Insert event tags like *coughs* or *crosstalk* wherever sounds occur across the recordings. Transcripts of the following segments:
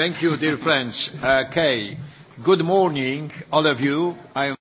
Thank you, dear friends. Okay. Uh, good morning, all of you. I am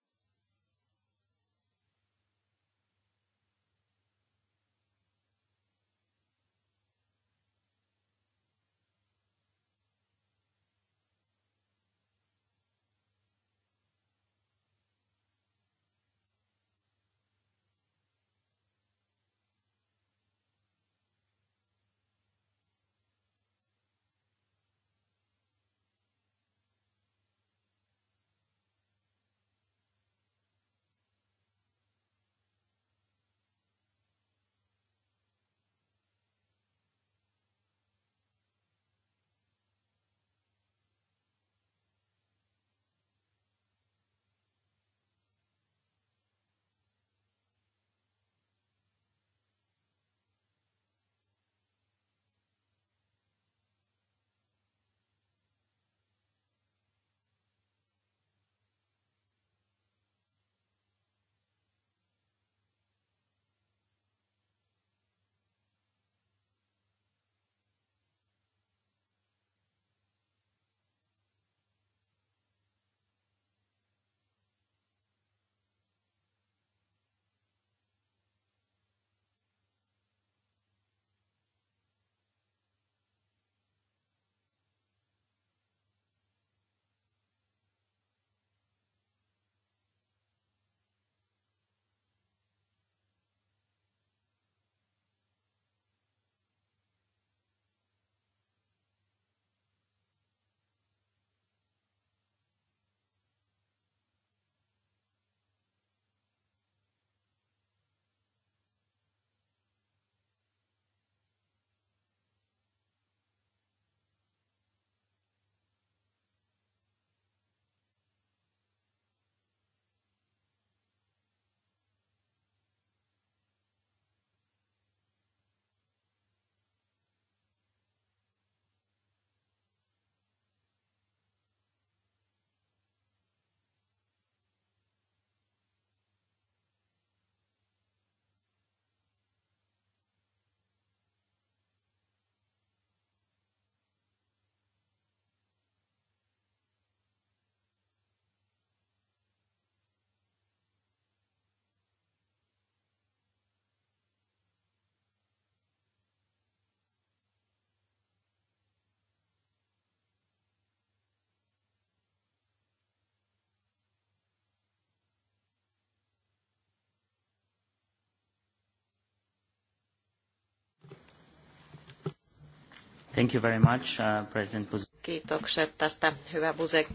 Thank you very much, uh, President Buzek. Kiitokset tästä, hyvä Buzek.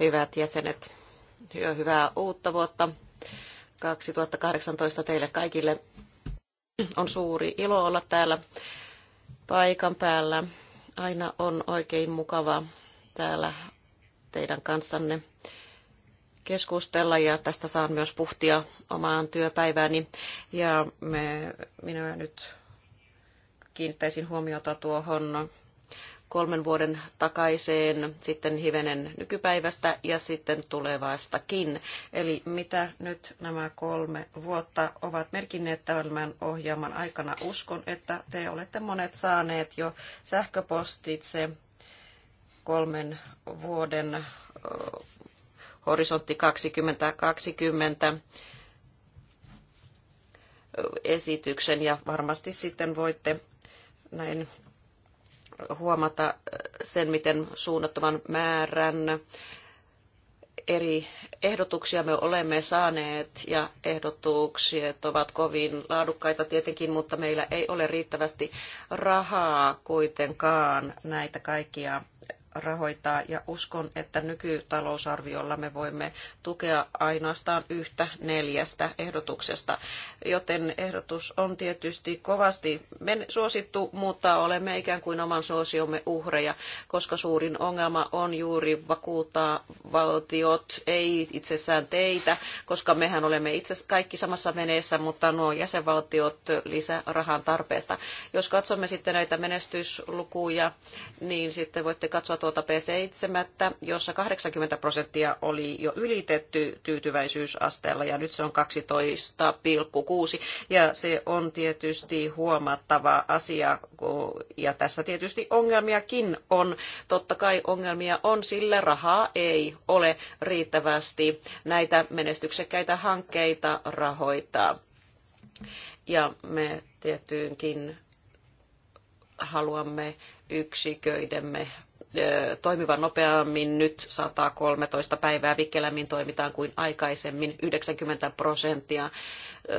Hyvät jäsenet, hyvää uutta vuotta 2018 teille kaikille. On suuri ilo olla täällä paikan päällä. Aina on oikein mukava täällä teidän kanssanne keskustella ja tästä saan myös puhtia omaan työpäivääni. Ja me, minä nyt kiinnittäisin huomiota tuohon kolmen vuoden takaiseen, sitten hivenen nykypäivästä ja sitten tulevastakin. Eli mitä nyt nämä kolme vuotta ovat merkinneet tämän ohjelman aikana? Uskon, että te olette monet saaneet jo sähköpostitse kolmen vuoden horisontti 2020 esityksen ja varmasti sitten voitte näin huomata äh, sen, miten suunnattoman määrän eri ehdotuksia me olemme saaneet ja ehdotukset ovat kovin laadukkaita tietenkin, mutta meillä ei ole riittävästi rahaa kuitenkaan näitä kaikkia rahoittaa ja uskon, että nykytalousarviolla me voimme tukea ainoastaan yhtä neljästä ehdotuksesta, joten ehdotus on tietysti kovasti suosittu, mutta olemme ikään kuin oman suosiomme uhreja, koska suurin ongelma on juuri vakuuttaa valtiot, ei itsessään teitä, koska mehän olemme itse kaikki samassa veneessä, mutta nuo jäsenvaltiot lisärahan tarpeesta. Jos katsomme sitten näitä menestyslukuja, niin sitten voitte katsoa tuota P7, jossa 80 prosenttia oli jo ylitetty tyytyväisyysasteella ja nyt se on 12,6 ja se on tietysti huomattava asia ja tässä tietysti ongelmiakin on. Totta kai ongelmia on, sillä rahaa ei ole riittävästi näitä menestyksekkäitä hankkeita rahoittaa. Ja me tiettyynkin haluamme yksiköidemme toimivan nopeammin. Nyt 113 päivää vikkelämmin toimitaan kuin aikaisemmin. 90 prosenttia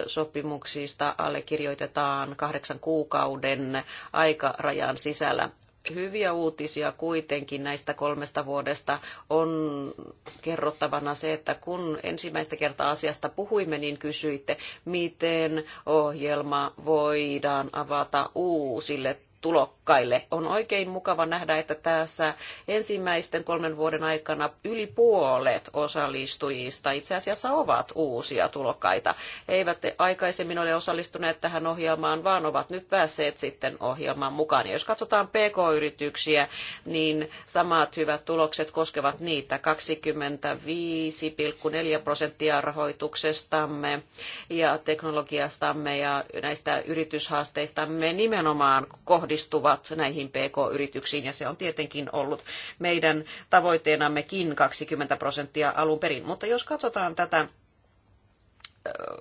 sopimuksista allekirjoitetaan kahdeksan kuukauden aikarajan sisällä. Hyviä uutisia kuitenkin näistä kolmesta vuodesta on kerrottavana se, että kun ensimmäistä kertaa asiasta puhuimme, niin kysyitte, miten ohjelma voidaan avata uusille tulokkaille. On oikein mukava nähdä, että tässä ensimmäisten kolmen vuoden aikana yli puolet osallistujista itse asiassa ovat uusia tulokkaita. He eivät aikaisemmin ole osallistuneet tähän ohjelmaan, vaan ovat nyt päässeet sitten ohjelmaan mukaan. Ja jos katsotaan PK-yrityksiä, niin samat hyvät tulokset koskevat niitä 25,4 prosenttia rahoituksestamme ja teknologiastamme ja näistä yrityshaasteista me nimenomaan kohdistuu kohdistuvat näihin PK-yrityksiin ja se on tietenkin ollut meidän tavoitteenammekin 20 prosenttia alun perin. Mutta jos katsotaan tätä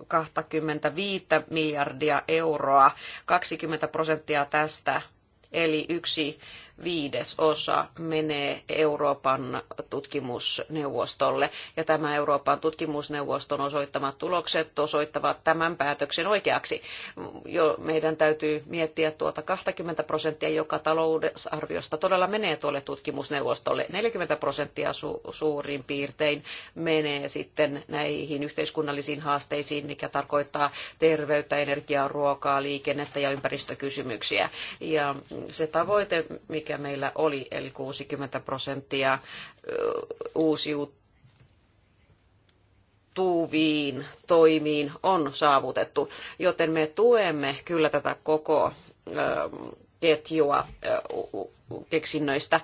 25 miljardia euroa, 20 prosenttia tästä, eli yksi viides osa menee Euroopan tutkimusneuvostolle. Ja tämä Euroopan tutkimusneuvoston osoittamat tulokset osoittavat tämän päätöksen oikeaksi. Jo meidän täytyy miettiä tuota 20 prosenttia, joka talousarviosta todella menee tuolle tutkimusneuvostolle. 40 prosenttia su- suurin piirtein menee sitten näihin yhteiskunnallisiin haasteisiin, mikä tarkoittaa terveyttä, energiaa, ruokaa, liikennettä ja ympäristökysymyksiä. Ja se tavoite, mikä mikä meillä oli, eli 60 prosenttia uusiutuviin toimiin on saavutettu, joten me tuemme kyllä tätä koko ketjua keksinnöistä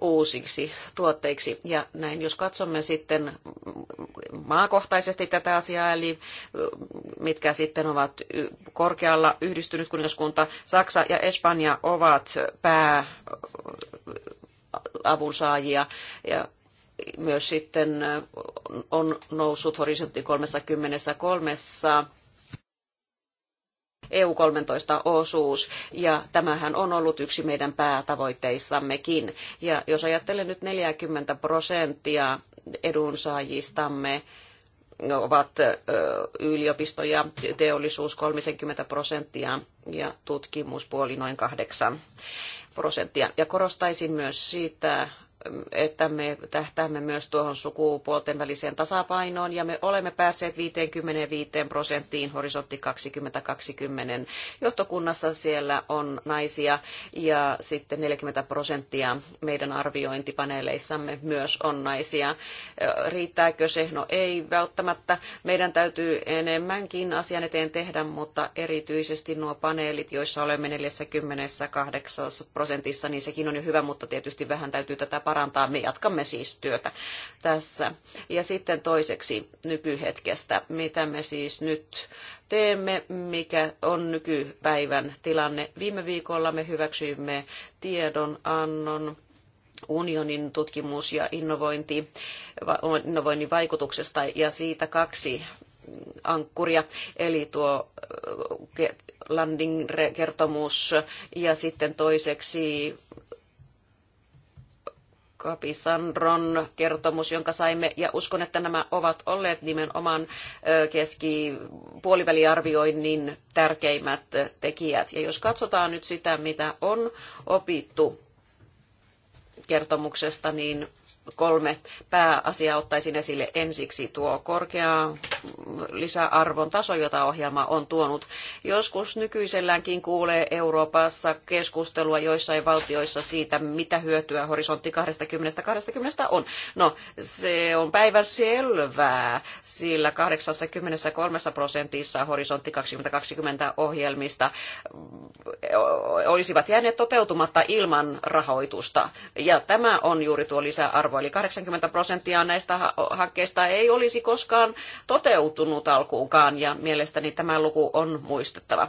uusiksi tuotteiksi. Ja näin, jos katsomme sitten maakohtaisesti tätä asiaa, eli mitkä sitten ovat korkealla yhdistynyt kuningaskunta, Saksa ja Espanja ovat pääavunsaajia ja myös sitten on noussut horisontti 33 EU-13-osuus, ja tämähän on ollut yksi meidän päätavoitteissammekin. Ja jos ajattelen nyt 40 prosenttia edunsaajistamme, ovat yliopistoja, teollisuus 30 prosenttia ja tutkimuspuoli noin 8 prosenttia. Ja korostaisin myös sitä että me tähtäämme myös tuohon sukupuolten väliseen tasapainoon ja me olemme päässeet 55 prosenttiin horisontti 2020. Johtokunnassa siellä on naisia ja sitten 40 prosenttia meidän arviointipaneeleissamme myös on naisia. Riittääkö se? No ei välttämättä. Meidän täytyy enemmänkin asian eteen tehdä, mutta erityisesti nuo paneelit, joissa olemme 48 prosentissa, niin sekin on jo hyvä, mutta tietysti vähän täytyy tätä parantaa parantaa. Me jatkamme siis työtä tässä. Ja sitten toiseksi nykyhetkestä, mitä me siis nyt teemme, mikä on nykypäivän tilanne. Viime viikolla me hyväksyimme tiedonannon unionin tutkimus- ja innovointi, innovoinnin vaikutuksesta ja siitä kaksi ankkuria, eli tuo äh, Landing-kertomus ja sitten toiseksi Kapisandron kertomus, jonka saimme, ja uskon, että nämä ovat olleet nimenomaan keski puoliväliarvioinnin tärkeimmät tekijät. Ja jos katsotaan nyt sitä, mitä on opittu kertomuksesta, niin kolme pääasiaa ottaisin esille ensiksi tuo korkea lisäarvon taso, jota ohjelma on tuonut. Joskus nykyiselläänkin kuulee Euroopassa keskustelua joissain valtioissa siitä, mitä hyötyä horisontti 20-20 on. No, se on päivän selvää, sillä 83 prosentissa horisontti 2020 ohjelmista olisivat jääneet toteutumatta ilman rahoitusta. Ja tämä on juuri tuo lisäarvo arvo. Eli 80 prosenttia näistä hankkeista ei olisi koskaan toteutunut alkuunkaan, ja mielestäni tämä luku on muistettava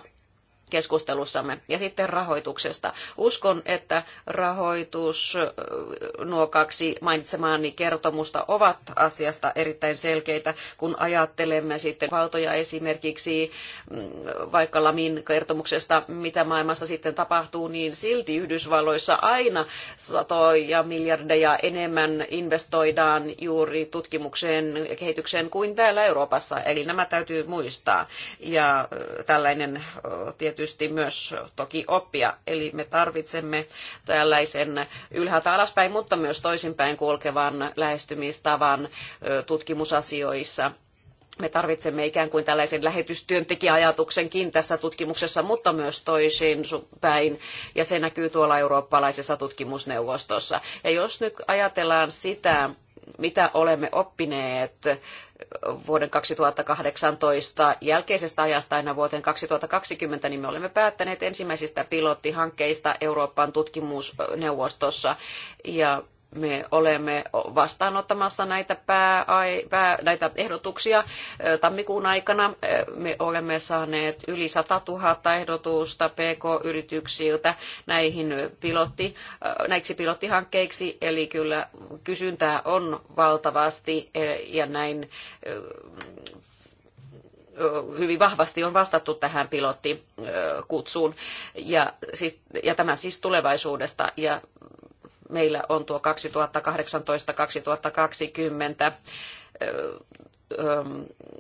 keskustelussamme. Ja sitten rahoituksesta. Uskon, että rahoitus, nuo kaksi mainitsemaani kertomusta ovat asiasta erittäin selkeitä, kun ajattelemme sitten valtoja esimerkiksi mm, vaikka Lamin kertomuksesta, mitä maailmassa sitten tapahtuu, niin silti Yhdysvalloissa aina satoja miljardeja enemmän investoidaan juuri tutkimukseen ja kehitykseen kuin täällä Euroopassa. Eli nämä täytyy muistaa. Ja tällainen tieto tietysti myös toki oppia. Eli me tarvitsemme tällaisen ylhäältä alaspäin, mutta myös toisinpäin kulkevan lähestymistavan tutkimusasioissa me tarvitsemme ikään kuin tällaisen lähetystyöntekijäajatuksenkin tässä tutkimuksessa, mutta myös toisin päin, ja se näkyy tuolla eurooppalaisessa tutkimusneuvostossa. Ja jos nyt ajatellaan sitä, mitä olemme oppineet vuoden 2018 jälkeisestä ajasta aina vuoteen 2020, niin me olemme päättäneet ensimmäisistä pilottihankkeista Euroopan tutkimusneuvostossa. Ja me olemme vastaanottamassa näitä, pää, pää, näitä ehdotuksia tammikuun aikana. Me olemme saaneet yli 100 000 ehdotusta PK-yrityksiltä näihin pilotti, näiksi pilottihankkeiksi, eli kyllä kysyntää on valtavasti e, ja näin hyvin vahvasti on vastattu tähän pilottikutsuun ja, sit, ja tämä siis tulevaisuudesta. Ja meillä on tuo 2018-2020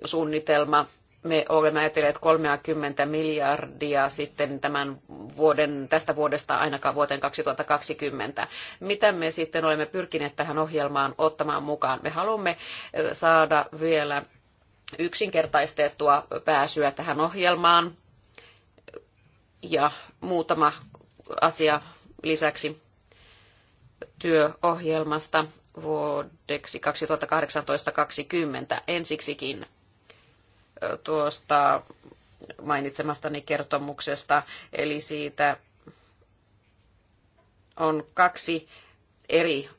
suunnitelma. Me olemme ajatelleet 30 miljardia sitten tämän vuoden, tästä vuodesta ainakaan vuoteen 2020. Mitä me sitten olemme pyrkineet tähän ohjelmaan ottamaan mukaan? Me haluamme saada vielä yksinkertaistettua pääsyä tähän ohjelmaan ja muutama asia lisäksi työohjelmasta vuodeksi 2018-2020 ensiksikin tuosta mainitsemastani kertomuksesta, eli siitä on kaksi eri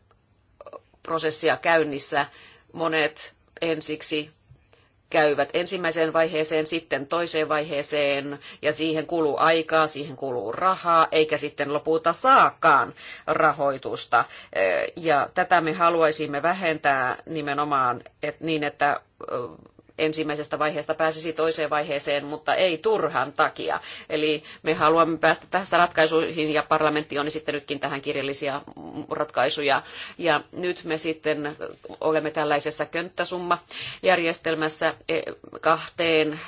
prosessia käynnissä. Monet ensiksi käyvät ensimmäiseen vaiheeseen, sitten toiseen vaiheeseen, ja siihen kuluu aikaa, siihen kuluu rahaa, eikä sitten lopulta saakaan rahoitusta. Ja tätä me haluaisimme vähentää nimenomaan et niin, että ensimmäisestä vaiheesta pääsisi toiseen vaiheeseen, mutta ei turhan takia. Eli me haluamme päästä tässä ratkaisuihin ja parlamentti on esittänytkin tähän kirjallisia ratkaisuja. Ja nyt me sitten olemme tällaisessa könttäsummajärjestelmässä e, kahteen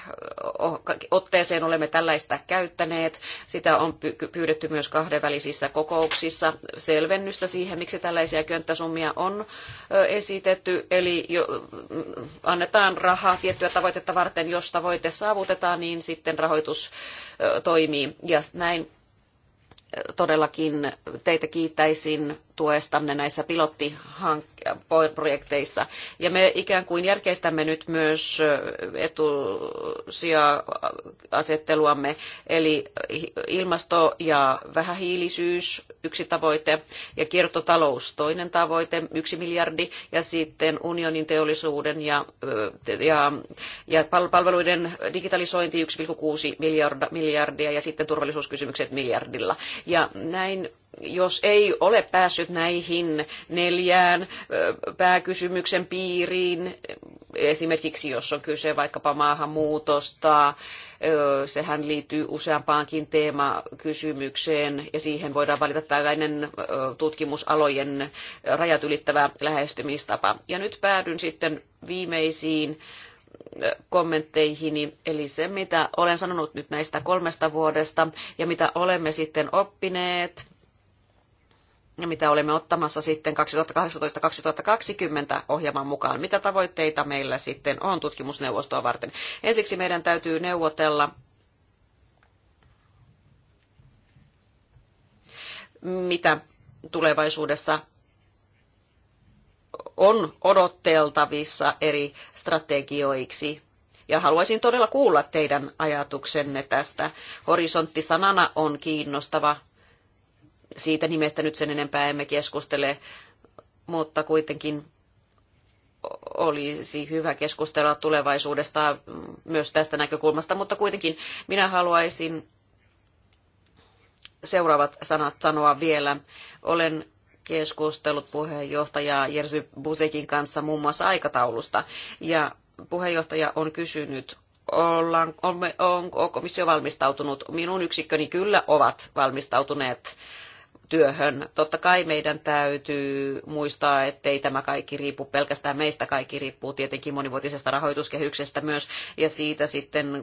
otteeseen olemme tällaista käyttäneet. Sitä on pyydetty myös kahdenvälisissä kokouksissa selvennystä siihen, miksi tällaisia könttäsummia on esitetty. Eli jo, annetaan rahaa tiettyä tavoitetta varten. Jos tavoite saavutetaan, niin sitten rahoitus toimii. Ja näin todellakin teitä kiittäisin tuestanne näissä pilottihank- projekteissa. Ja me ikään kuin järkeistämme nyt myös etusija-asetteluamme, eli ilmasto ja vähähiilisyys yksi tavoite ja kiertotalous toinen tavoite, yksi miljardi, ja sitten unionin teollisuuden ja, ja, ja palveluiden digitalisointi 1,6 miljardia ja sitten turvallisuuskysymykset miljardilla. Ja näin jos ei ole päässyt näihin neljään pääkysymyksen piiriin, esimerkiksi jos on kyse vaikkapa maahanmuutosta, sehän liittyy useampaankin teemakysymykseen ja siihen voidaan valita tällainen tutkimusalojen rajat ylittävä lähestymistapa. Ja nyt päädyn sitten viimeisiin kommentteihini, eli se mitä olen sanonut nyt näistä kolmesta vuodesta ja mitä olemme sitten oppineet – mitä olemme ottamassa sitten 2018-2020 ohjelman mukaan. Mitä tavoitteita meillä sitten on tutkimusneuvostoa varten? Ensiksi meidän täytyy neuvotella mitä tulevaisuudessa on odotteltavissa eri strategioiksi. Ja haluaisin todella kuulla teidän ajatuksenne tästä. Horisontti sanana on kiinnostava siitä nimestä nyt sen enempää emme keskustele, mutta kuitenkin olisi hyvä keskustella tulevaisuudesta myös tästä näkökulmasta, mutta kuitenkin minä haluaisin seuraavat sanat sanoa vielä. Olen keskustellut puheenjohtaja Jerzy Busekin kanssa muun muassa aikataulusta, ja puheenjohtaja on kysynyt ollaan, on, on, on komissio valmistautunut? Minun yksikköni kyllä ovat valmistautuneet työhön. Totta kai meidän täytyy muistaa, ettei tämä kaikki riipu pelkästään meistä, kaikki riippuu tietenkin monivuotisesta rahoituskehyksestä myös, ja siitä sitten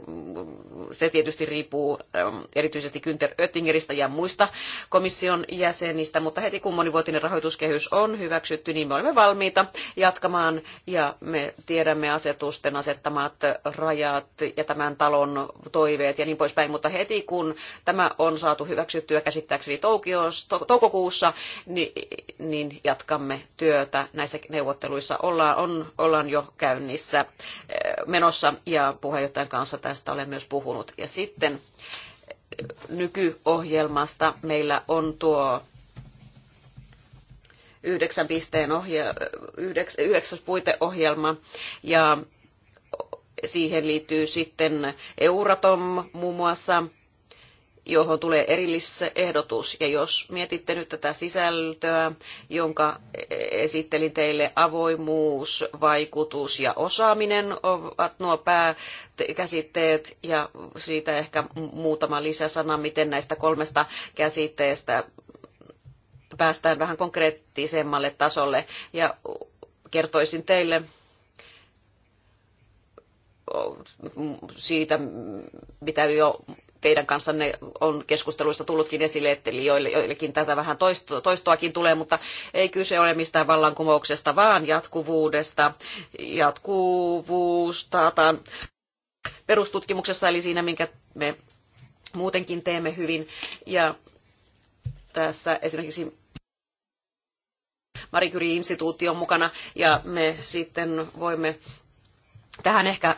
se tietysti riippuu ähm, erityisesti Günther Oettingeristä ja muista komission jäsenistä, mutta heti kun monivuotinen rahoituskehys on hyväksytty, niin me olemme valmiita jatkamaan, ja me tiedämme asetusten asettamat rajat ja tämän talon toiveet ja niin poispäin, mutta heti kun tämä on saatu hyväksyttyä käsittääkseni Toukiosta, toukokuussa, niin jatkamme työtä. Näissä neuvotteluissa ollaan, on, ollaan jo käynnissä eh, menossa ja puheenjohtajan kanssa tästä olen myös puhunut. Ja sitten eh, nykyohjelmasta meillä on tuo yhdeksän pisteen ohje, yhdeks, yhdeksäs puiteohjelma ja siihen liittyy sitten Euratom muun muassa johon tulee erillisehdotus. Ja jos mietitte nyt tätä sisältöä, jonka esittelin teille, avoimuus, vaikutus ja osaaminen ovat nuo pääkäsitteet ja siitä ehkä muutama lisäsana, miten näistä kolmesta käsitteestä päästään vähän konkreettisemmalle tasolle. Ja kertoisin teille siitä, mitä jo teidän kanssanne on keskusteluissa tullutkin esille, että joillekin tätä vähän toisto, toistoakin tulee, mutta ei kyse ole mistään vallankumouksesta, vaan jatkuvuudesta, jatkuvuus taataan perustutkimuksessa, eli siinä, minkä me muutenkin teemme hyvin. Ja tässä esimerkiksi Marie Curie-instituutti on mukana ja me sitten voimme tähän ehkä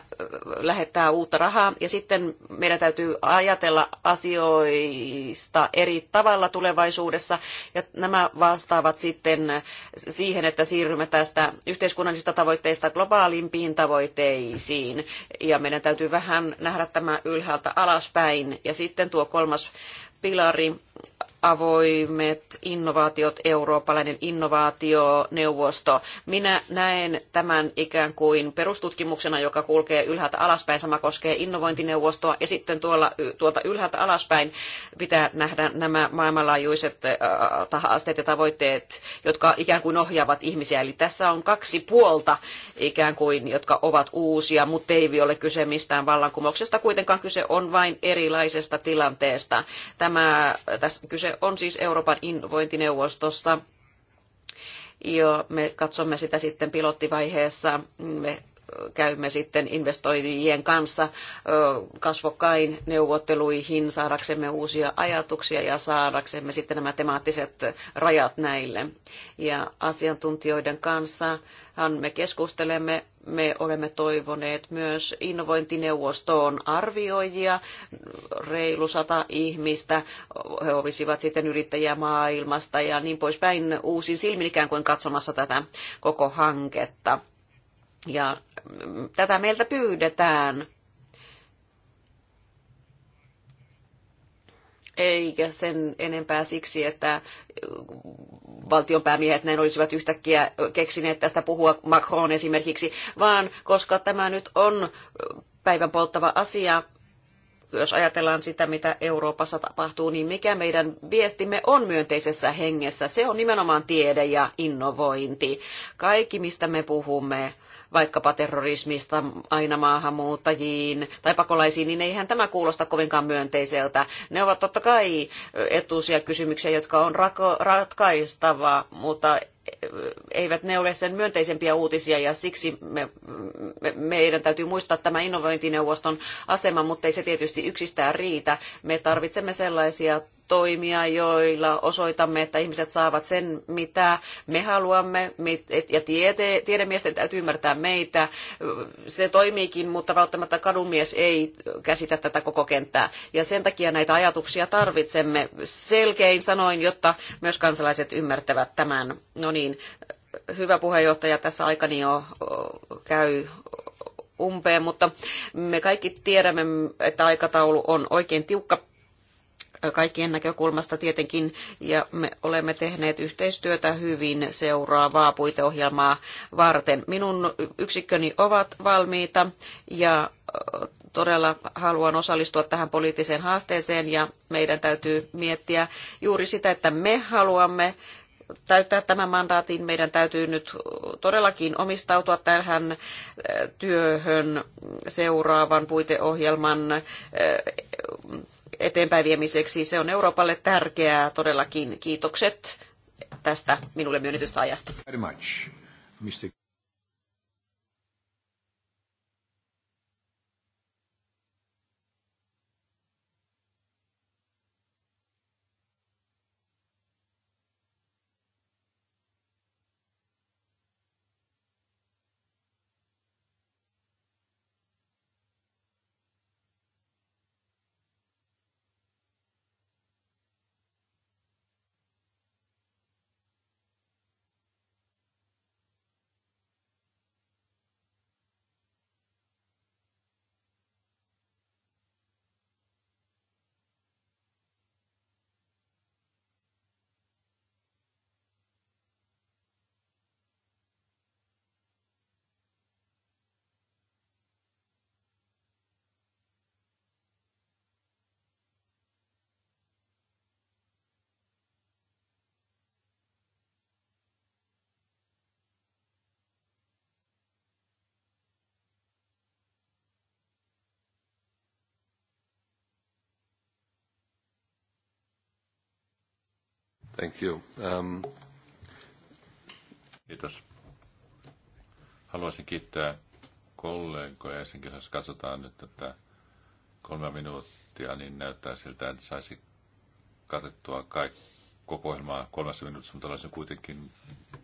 lähettää uutta rahaa. Ja sitten meidän täytyy ajatella asioista eri tavalla tulevaisuudessa. Ja nämä vastaavat sitten siihen, että siirrymme tästä yhteiskunnallisista tavoitteista globaalimpiin tavoitteisiin. Ja meidän täytyy vähän nähdä tämä ylhäältä alaspäin. Ja sitten tuo kolmas pilari avoimet innovaatiot, eurooppalainen innovaationeuvosto. Minä näen tämän ikään kuin perustutkimuksena, joka kulkee ylhäältä alaspäin. Sama koskee innovointineuvostoa ja sitten tuolla, tuolta ylhäältä alaspäin pitää nähdä nämä maailmanlaajuiset äh, haasteet ja tavoitteet, jotka ikään kuin ohjaavat ihmisiä. Eli tässä on kaksi puolta ikään kuin, jotka ovat uusia, mutta ei ole kyse mistään vallankumouksesta. Kuitenkaan kyse on vain erilaisesta tilanteesta. Tämä Tämä, tässä kyse on siis Euroopan innovointineuvostosta. ja me katsomme sitä sitten pilottivaiheessa. Me käymme sitten investoijien kanssa kasvokkain neuvotteluihin saadaksemme uusia ajatuksia ja saadaksemme sitten nämä temaattiset rajat näille. Ja asiantuntijoiden kanssa me keskustelemme me olemme toivoneet myös innovointineuvostoon arvioijia, reilu sata ihmistä, he olisivat sitten yrittäjiä maailmasta ja niin poispäin uusin silmin ikään kuin katsomassa tätä koko hanketta. Ja mm, tätä meiltä pyydetään eikä sen enempää siksi, että valtionpäämiehet näin olisivat yhtäkkiä keksineet tästä puhua Macron esimerkiksi, vaan koska tämä nyt on päivän polttava asia, jos ajatellaan sitä, mitä Euroopassa tapahtuu, niin mikä meidän viestimme on myönteisessä hengessä? Se on nimenomaan tiede ja innovointi. Kaikki, mistä me puhumme, vaikkapa terrorismista aina maahanmuuttajiin tai pakolaisiin, niin eihän tämä kuulosta kovinkaan myönteiseltä. Ne ovat totta kai etuisia kysymyksiä, jotka on ratkaistava, mutta eivät ne ole sen myönteisempiä uutisia ja siksi me, me, meidän täytyy muistaa tämä innovointineuvoston asema, mutta ei se tietysti yksistään riitä. Me tarvitsemme sellaisia toimia, joilla osoitamme, että ihmiset saavat sen, mitä me haluamme, ja tiede, tiedemiesten täytyy ymmärtää meitä. Se toimiikin, mutta välttämättä mies ei käsitä tätä koko kenttää. Ja sen takia näitä ajatuksia tarvitsemme selkein sanoin, jotta myös kansalaiset ymmärtävät tämän. No niin, hyvä puheenjohtaja, tässä aikani jo käy umpeen, mutta me kaikki tiedämme, että aikataulu on oikein tiukka kaikkien näkökulmasta tietenkin, ja me olemme tehneet yhteistyötä hyvin seuraavaa puiteohjelmaa varten. Minun yksikköni ovat valmiita, ja todella haluan osallistua tähän poliittiseen haasteeseen, ja meidän täytyy miettiä juuri sitä, että me haluamme täyttää tämän mandaatin. Meidän täytyy nyt todellakin omistautua tähän työhön seuraavan puiteohjelman eteenpäin viemiseksi. Se on Euroopalle tärkeää todellakin. Kiitokset tästä minulle myönnetystä ajasta. Very much. Mr. Thank you. Um... Kiitos. Haluaisin kiittää kollegoja. Ensinnäkin jos katsotaan nyt tätä kolme minuuttia, niin näyttää siltä, että saisi katettua kaikki koko ohjelmaa kolmessa minuutissa, mutta haluaisin kuitenkin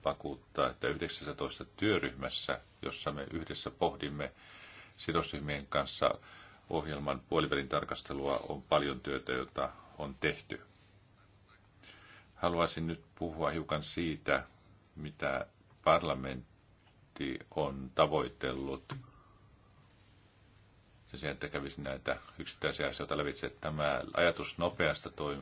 vakuuttaa, että 19 työryhmässä, jossa me yhdessä pohdimme sidosryhmien kanssa ohjelman puolivälin tarkastelua, on paljon työtä, jota on tehty. Haluaisin nyt puhua hiukan siitä, mitä parlamentti on tavoitellut sen sijaan, että kävisi näitä yksittäisiä asioita lävitse. Tämä ajatus nopeasta toi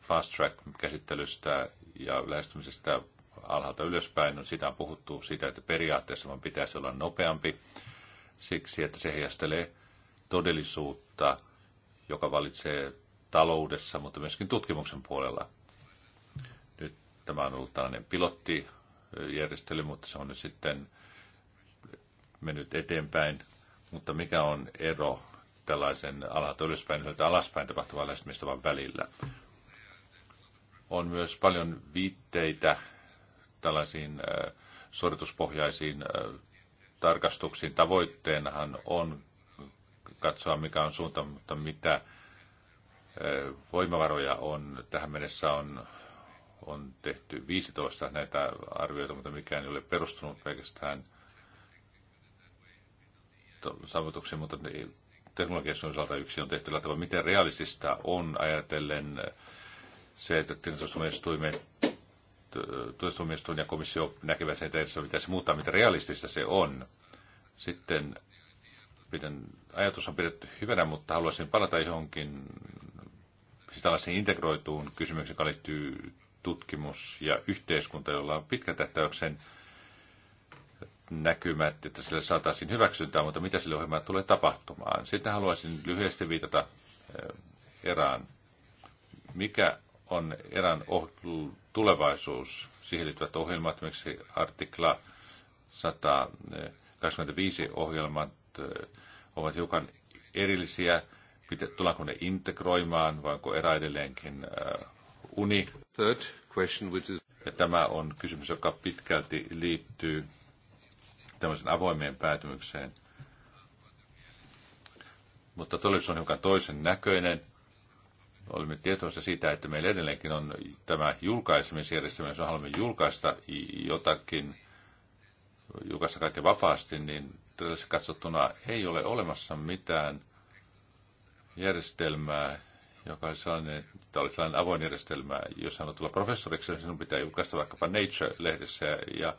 fast track-käsittelystä ja lähestymisestä alhaalta ylöspäin, on sitä on puhuttu siitä, että periaatteessa vaan pitäisi olla nopeampi siksi, että se heijastelee todellisuutta, joka valitsee taloudessa, mutta myöskin tutkimuksen puolella. Tämä on ollut tällainen pilottijärjestely, mutta se on nyt sitten mennyt eteenpäin. Mutta mikä on ero tällaisen alhaalta ylöspäin, ja alaspäin tapahtuvan lähestymistavan välillä? On myös paljon viitteitä tällaisiin suorituspohjaisiin tarkastuksiin. Tavoitteenahan on katsoa, mikä on suunta, mutta mitä voimavaroja on tähän mennessä on on tehty 15 näitä arvioita, mutta mikään ei ole perustunut pelkästään saavutuksiin, mutta teknologian osalta yksi on tehty tavalla, miten realistista on ajatellen se, että tuomioistuimen ja komissio näkevät sen, että se pitäisi muuttaa, miten realistista se on. Sitten pidän, ajatus on pidetty hyvänä, mutta haluaisin palata johonkin siis tällaiseen integroituun kysymykseen, joka liittyy tutkimus ja yhteiskunta, jolla on pitkätähtäyksen näkymät, että sille saataisiin hyväksyntää, mutta mitä sille ohjelmaan tulee tapahtumaan. Sitten haluaisin lyhyesti viitata eh, erään. Mikä on erään tulevaisuus? Siihen liittyvät ohjelmat, esimerkiksi artikla 125 eh, ohjelmat eh, ovat hiukan erillisiä. Tullaanko ne integroimaan vai onko erä edelleenkin uni. Third question, which is... Ja tämä on kysymys, joka pitkälti liittyy tämmöisen avoimeen päätymykseen. Mutta todellisuus on hiukan toisen näköinen. Olemme tietoisia siitä, että meillä edelleenkin on tämä julkaisemisjärjestelmä, jos haluamme julkaista jotakin, julkaista kaiken vapaasti, niin tällaisessa katsottuna ei ole olemassa mitään järjestelmää, joka oli sellainen, tämä oli sellainen avoin järjestelmä, jos hän on tulla professoriksi, niin sinun pitää julkaista vaikkapa Nature-lehdessä ja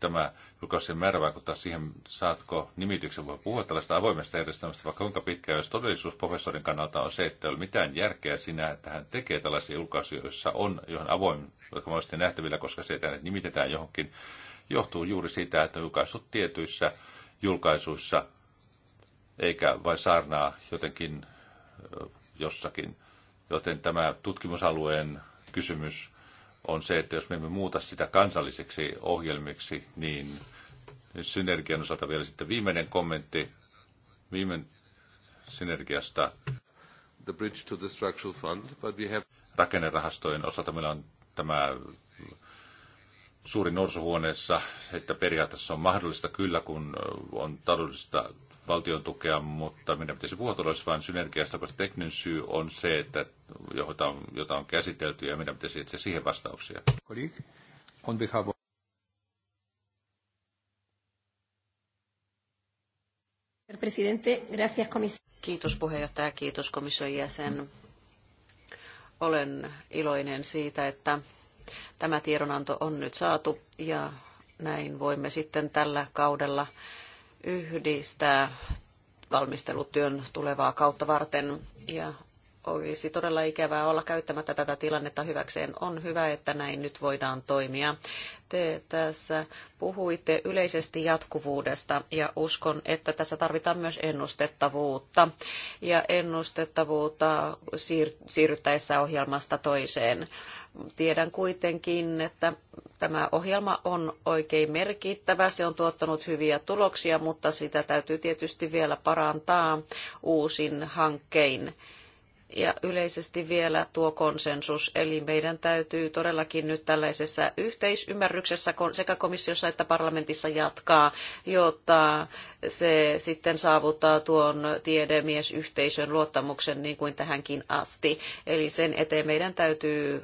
tämä julkaisujen määrä vaikuttaa siihen, saatko nimityksen. Voi puhua tällaista avoimesta järjestelmästä, vaikka kuinka pitkään, jos todellisuus professorin kannalta on se, että ei ole mitään järkeä sinä, että hän tekee tällaisia julkaisuja, joissa on johon avoin, jotka on sitten nähtävillä, koska se, että hänet nimitetään johonkin, johtuu juuri siitä, että on julkaissut tietyissä julkaisuissa, eikä vain saarnaa jotenkin jossakin. Joten tämä tutkimusalueen kysymys on se, että jos me emme muuta sitä kansalliseksi ohjelmiksi, niin synergian osalta vielä sitten viimeinen kommentti viimeinen synergiasta. The bridge to the structural fund, but we have... Rakennerahastojen osalta meillä on tämä suuri norsuhuoneessa, että periaatteessa on mahdollista kyllä, kun on taloudellista valtion tukea, mutta meidän pitäisi puhua todella vain synergiasta, koska tekninen syy on se, että jota on, jota on käsitelty ja meidän pitäisi itse siihen vastauksia. Kiitos puheenjohtaja, kiitos komission jäsen. Olen iloinen siitä, että tämä tiedonanto on nyt saatu ja näin voimme sitten tällä kaudella yhdistää valmistelutyön tulevaa kautta varten ja olisi todella ikävää olla käyttämättä tätä tilannetta hyväkseen. On hyvä, että näin nyt voidaan toimia. Te tässä puhuitte yleisesti jatkuvuudesta ja uskon, että tässä tarvitaan myös ennustettavuutta ja ennustettavuutta siir- siirryttäessä ohjelmasta toiseen. Tiedän kuitenkin, että tämä ohjelma on oikein merkittävä. Se on tuottanut hyviä tuloksia, mutta sitä täytyy tietysti vielä parantaa uusin hankkein ja yleisesti vielä tuo konsensus. Eli meidän täytyy todellakin nyt tällaisessa yhteisymmärryksessä sekä komissiossa että parlamentissa jatkaa, jotta se sitten saavuttaa tuon tiedemiesyhteisön luottamuksen niin kuin tähänkin asti. Eli sen eteen meidän täytyy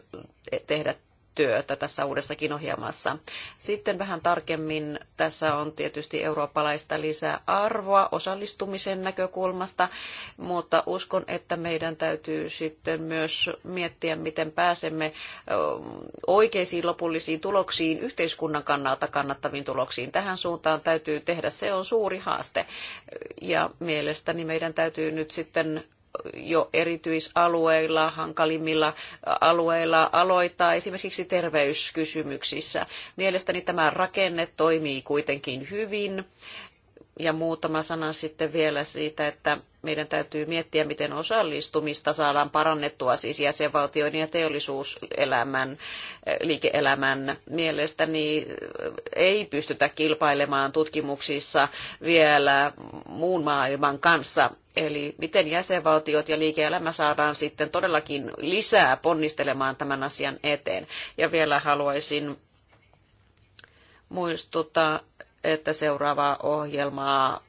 tehdä työtä tässä uudessakin ohjelmassa. Sitten vähän tarkemmin tässä on tietysti eurooppalaista lisäarvoa osallistumisen näkökulmasta, mutta uskon, että meidän täytyy sitten myös miettiä, miten pääsemme oikeisiin lopullisiin tuloksiin, yhteiskunnan kannalta kannattaviin tuloksiin. Tähän suuntaan täytyy tehdä, se on suuri haaste. Ja mielestäni meidän täytyy nyt sitten jo erityisalueilla, hankalimmilla alueilla aloittaa esimerkiksi terveyskysymyksissä. Mielestäni tämä rakenne toimii kuitenkin hyvin ja muutama sana sitten vielä siitä, että meidän täytyy miettiä, miten osallistumista saadaan parannettua siis jäsenvaltioiden ja teollisuuselämän, eh, liike-elämän niin eh, ei pystytä kilpailemaan tutkimuksissa vielä muun maailman kanssa. Eli miten jäsenvaltiot ja liike-elämä saadaan sitten todellakin lisää ponnistelemaan tämän asian eteen. Ja vielä haluaisin muistuttaa että seuraavaa ohjelmaa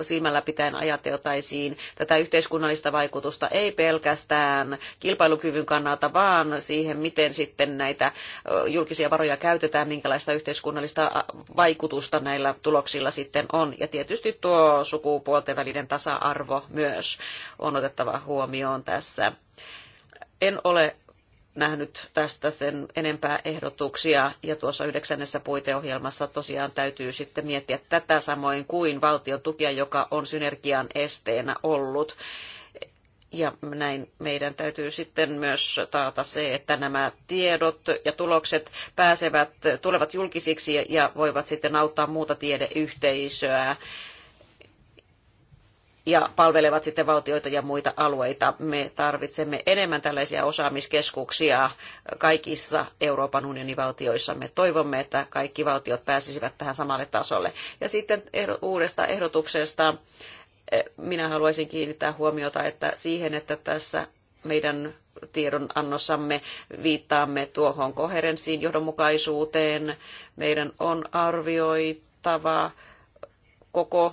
silmällä pitäen ajateltaisiin tätä yhteiskunnallista vaikutusta ei pelkästään kilpailukyvyn kannalta, vaan siihen, miten sitten näitä julkisia varoja käytetään, minkälaista yhteiskunnallista vaikutusta näillä tuloksilla sitten on. Ja tietysti tuo sukupuolten välinen tasa-arvo myös on otettava huomioon tässä. En ole nähnyt tästä sen enempää ehdotuksia, ja tuossa yhdeksännessä puiteohjelmassa tosiaan täytyy sitten miettiä tätä samoin kuin valtion tukia, joka on synergian esteenä ollut. Ja näin meidän täytyy sitten myös taata se, että nämä tiedot ja tulokset pääsevät, tulevat julkisiksi ja voivat sitten auttaa muuta tiedeyhteisöä ja palvelevat sitten valtioita ja muita alueita. Me tarvitsemme enemmän tällaisia osaamiskeskuksia kaikissa Euroopan unionin valtioissa. Me toivomme, että kaikki valtiot pääsisivät tähän samalle tasolle. Ja sitten uudesta ehdotuksesta eh, minä haluaisin kiinnittää huomiota että siihen, että tässä meidän tiedonannossamme viittaamme tuohon koherenssiin, johdonmukaisuuteen. Meidän on arvioitava koko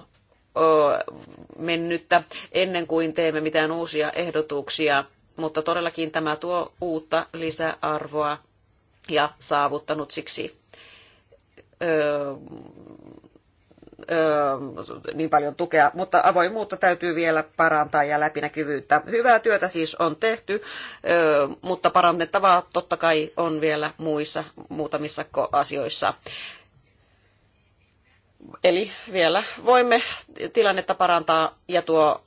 mennyttä ennen kuin teemme mitään uusia ehdotuksia, mutta todellakin tämä tuo uutta lisäarvoa ja saavuttanut siksi niin paljon tukea, mutta avoimuutta täytyy vielä parantaa ja läpinäkyvyyttä. Hyvää työtä siis on tehty, mutta parannettavaa totta kai on vielä muissa muutamissa asioissa. Eli vielä voimme tilannetta parantaa ja tuo,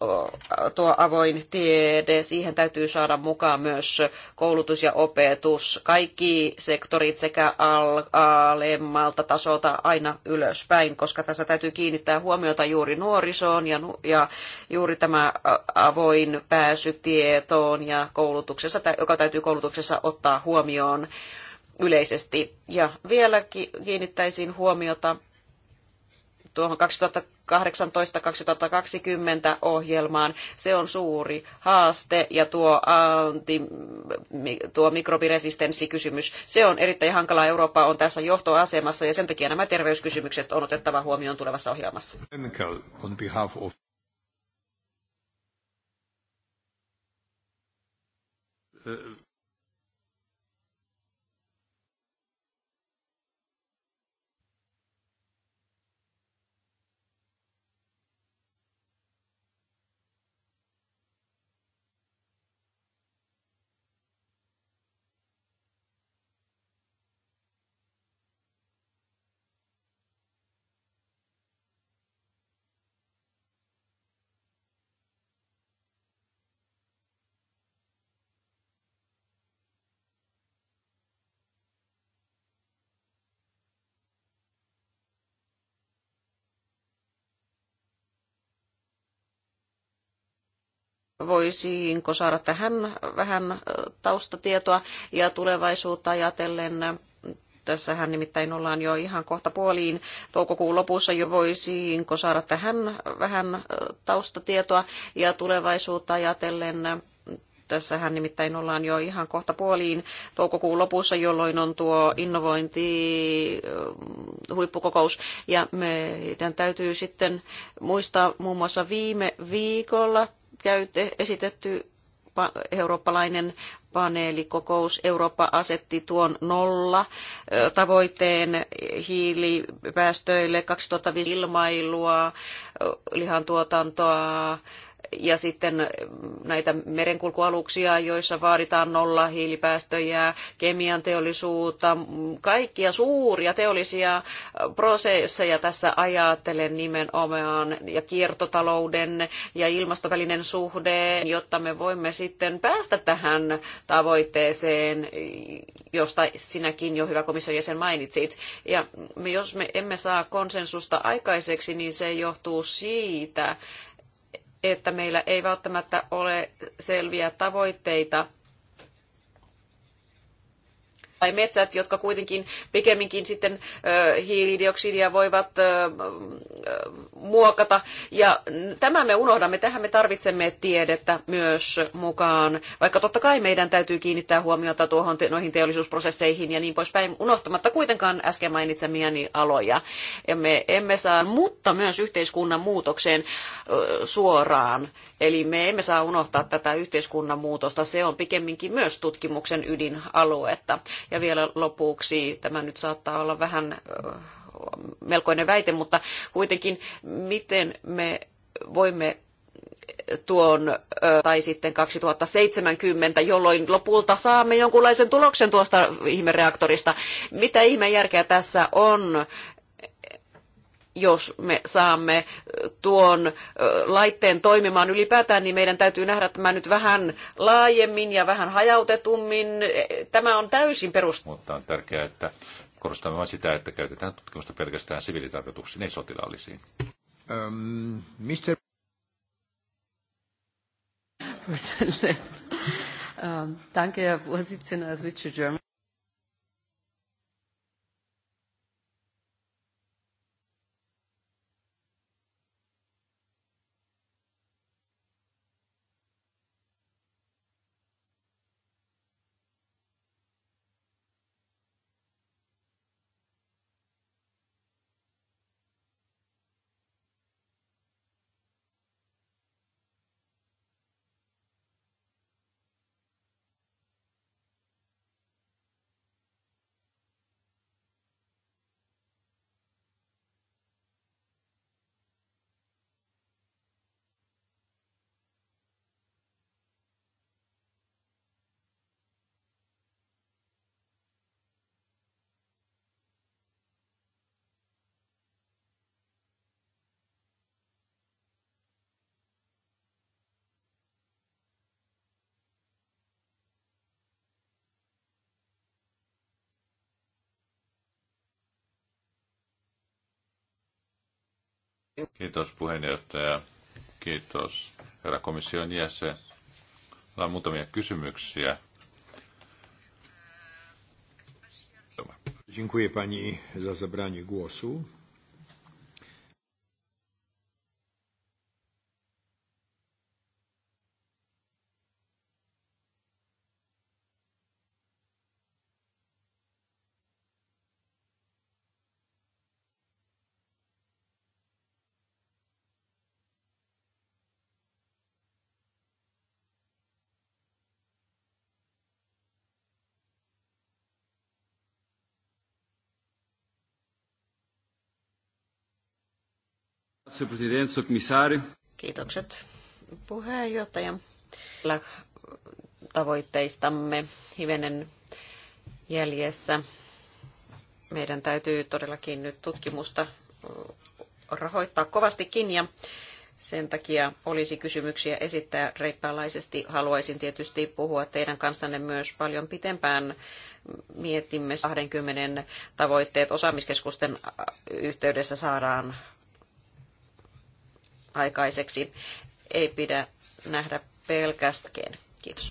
tuo avoin tiede, siihen täytyy saada mukaan myös koulutus ja opetus, kaikki sektorit sekä al- alemmalta tasolta aina ylöspäin, koska tässä täytyy kiinnittää huomiota juuri nuorisoon ja, ja juuri tämä avoin pääsy tietoon ja koulutuksessa, joka täytyy koulutuksessa ottaa huomioon yleisesti. Ja vielä kiinnittäisin huomiota tuohon 2018-2020 ohjelmaan. Se on suuri haaste ja tuo, anti, tuo mikrobiresistenssikysymys, se on erittäin hankala. Eurooppa on tässä johtoasemassa ja sen takia nämä terveyskysymykset on otettava huomioon tulevassa ohjelmassa. Uh, voisiinko saada tähän vähän taustatietoa ja tulevaisuutta ajatellen Tässähän nimittäin ollaan jo ihan kohta puoliin toukokuun lopussa jo voisiinko saada tähän vähän taustatietoa ja tulevaisuutta ajatellen Tässähän nimittäin ollaan jo ihan kohta puoliin toukokuun lopussa, jolloin on tuo innovointi huippukokous. Ja meidän täytyy sitten muistaa muun muassa viime viikolla käyt, esitetty eurooppalainen paneelikokous. Eurooppa asetti tuon nolla tavoitteen hiilipäästöille 2005 ilmailua, lihantuotantoa, ja sitten näitä merenkulkualuksia, joissa vaaditaan nolla hiilipäästöjä, kemian teollisuutta, kaikkia suuria teollisia prosesseja tässä ajattelen nimenomaan ja kiertotalouden ja ilmastovälinen suhde, jotta me voimme sitten päästä tähän tavoitteeseen, josta sinäkin jo hyvä komission jäsen mainitsit. Ja jos me emme saa konsensusta aikaiseksi, niin se johtuu siitä, että meillä ei välttämättä ole selviä tavoitteita tai metsät, jotka kuitenkin pikemminkin sitten hiilidioksidia voivat muokata. Ja tämä me unohdamme, tähän me tarvitsemme tiedettä myös mukaan, vaikka totta kai meidän täytyy kiinnittää huomiota tuohon noihin teollisuusprosesseihin ja niin poispäin, unohtamatta kuitenkaan äsken mainitsemiani aloja. Ja me emme saa, mutta myös yhteiskunnan muutokseen suoraan Eli me emme saa unohtaa tätä yhteiskunnan muutosta. Se on pikemminkin myös tutkimuksen ydinaluetta. Ja vielä lopuksi, tämä nyt saattaa olla vähän melkoinen väite, mutta kuitenkin miten me voimme tuon tai sitten 2070, jolloin lopulta saamme jonkunlaisen tuloksen tuosta ihmereaktorista. Mitä ihmeen järkeä tässä on jos me saamme tuon laitteen toimimaan ylipäätään, niin meidän täytyy nähdä tämä nyt vähän laajemmin ja vähän hajautetummin. E, tämä on täysin perusteltua. Mutta on tärkeää, että korostamme vain sitä, että käytetään tutkimusta pelkästään siviilitarkoituksiin, ei sotilaallisiin. Um, ähm, Mr. *laughs* Ähm, danke, Herr Vorsitzender. Ich German. Kiitos puheenjohtaja. Kiitos herra komission jäsen. Meillä on muutamia kysymyksiä. Dziękuję pani za zabranie głosu. Kiitokset puheenjohtaja. Tavoitteistamme hivenen jäljessä. Meidän täytyy todellakin nyt tutkimusta rahoittaa kovastikin ja sen takia olisi kysymyksiä esittää reippaalaisesti. Haluaisin tietysti puhua teidän kanssanne myös paljon pitempään. Mietimme 20 tavoitteet osaamiskeskusten yhteydessä saadaan aikaiseksi. Ei pidä nähdä pelkästään. Kiitos.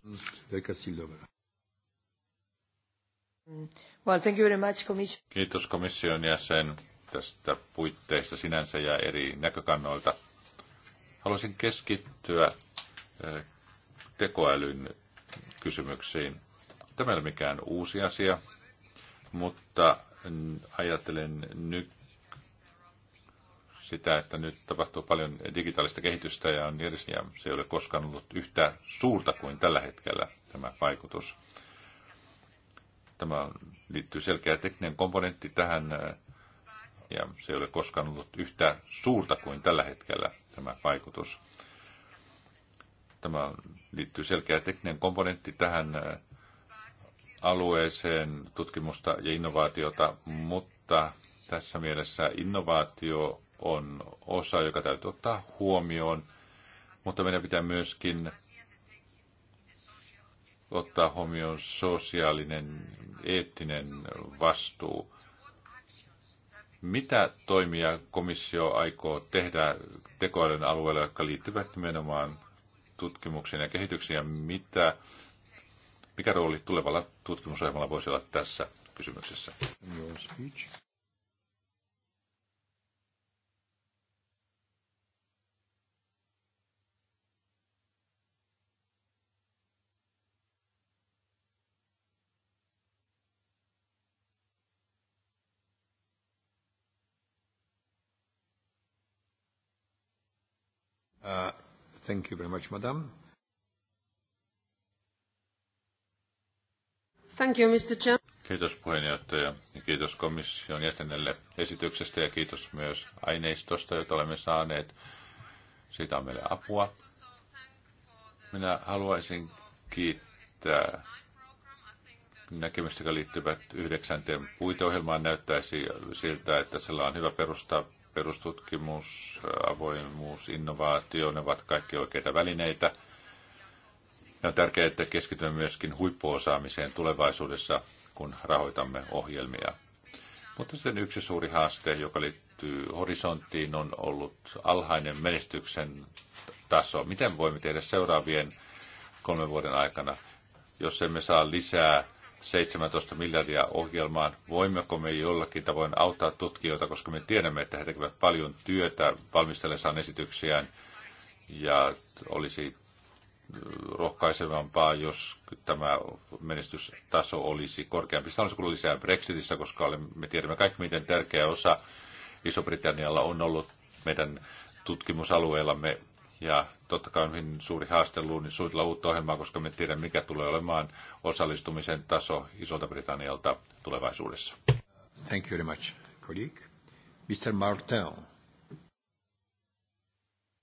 Well, thank you very much, Kiitos komission jäsen tästä puitteista sinänsä ja eri näkökannoilta. Haluaisin keskittyä eh, tekoälyn kysymyksiin. Tämä ei ole mikään uusi asia, mutta ajattelen nyt sitä, että nyt tapahtuu paljon digitaalista kehitystä ja on edes, ja se ei ole koskaan ollut yhtä suurta kuin tällä hetkellä tämä vaikutus. Tämä liittyy selkeä tekninen komponentti tähän ja se ei ole koskaan ollut yhtä suurta kuin tällä hetkellä tämä vaikutus. Tämä liittyy selkeä tekninen komponentti tähän alueeseen tutkimusta ja innovaatiota, mutta tässä mielessä innovaatio on osa, joka täytyy ottaa huomioon, mutta meidän pitää myöskin ottaa huomioon sosiaalinen, eettinen vastuu. Mitä toimia komissio aikoo tehdä tekoälyn alueella, jotka liittyvät nimenomaan tutkimukseen ja kehitykseen, ja mitä, mikä rooli tulevalla tutkimusohjelmalla voisi olla tässä kysymyksessä? Uh, thank you very much, madam. Thank you, Mr. Chair. Kiitos puheenjohtaja ja kiitos komission jäsenelle esityksestä ja kiitos myös aineistosta, jota olemme saaneet. Siitä on meille apua. Minä haluaisin kiittää näkemystä, joka liittyvät yhdeksänteen puiteohjelmaan. Näyttäisi siltä, että sillä on hyvä perusta perustutkimus, avoimuus, innovaatio, ne ovat kaikki oikeita välineitä. Ja on tärkeää, että keskitymme myöskin huippuosaamiseen tulevaisuudessa, kun rahoitamme ohjelmia. Mutta sitten yksi suuri haaste, joka liittyy horisonttiin, on ollut alhainen menestyksen taso. Miten voimme tehdä seuraavien kolmen vuoden aikana, jos emme saa lisää 17 miljardia ohjelmaan. Voimmeko me jollakin tavoin auttaa tutkijoita, koska me tiedämme, että he tekevät paljon työtä valmistellessaan esityksiään ja olisi rohkaisevampaa, jos tämä menestystaso olisi korkeampi. Sitä olisi lisää Brexitissä, koska me tiedämme kaikki, miten tärkeä osa Iso-Britannialla on ollut meidän tutkimusalueellamme ja totta kai on hyvin suuri haaste niin suunnitella uutta ohjelmaa, koska me tiedämme, mikä tulee olemaan osallistumisen taso Isolta Britannialta tulevaisuudessa. Thank you very much, colleague. Mr. Martin.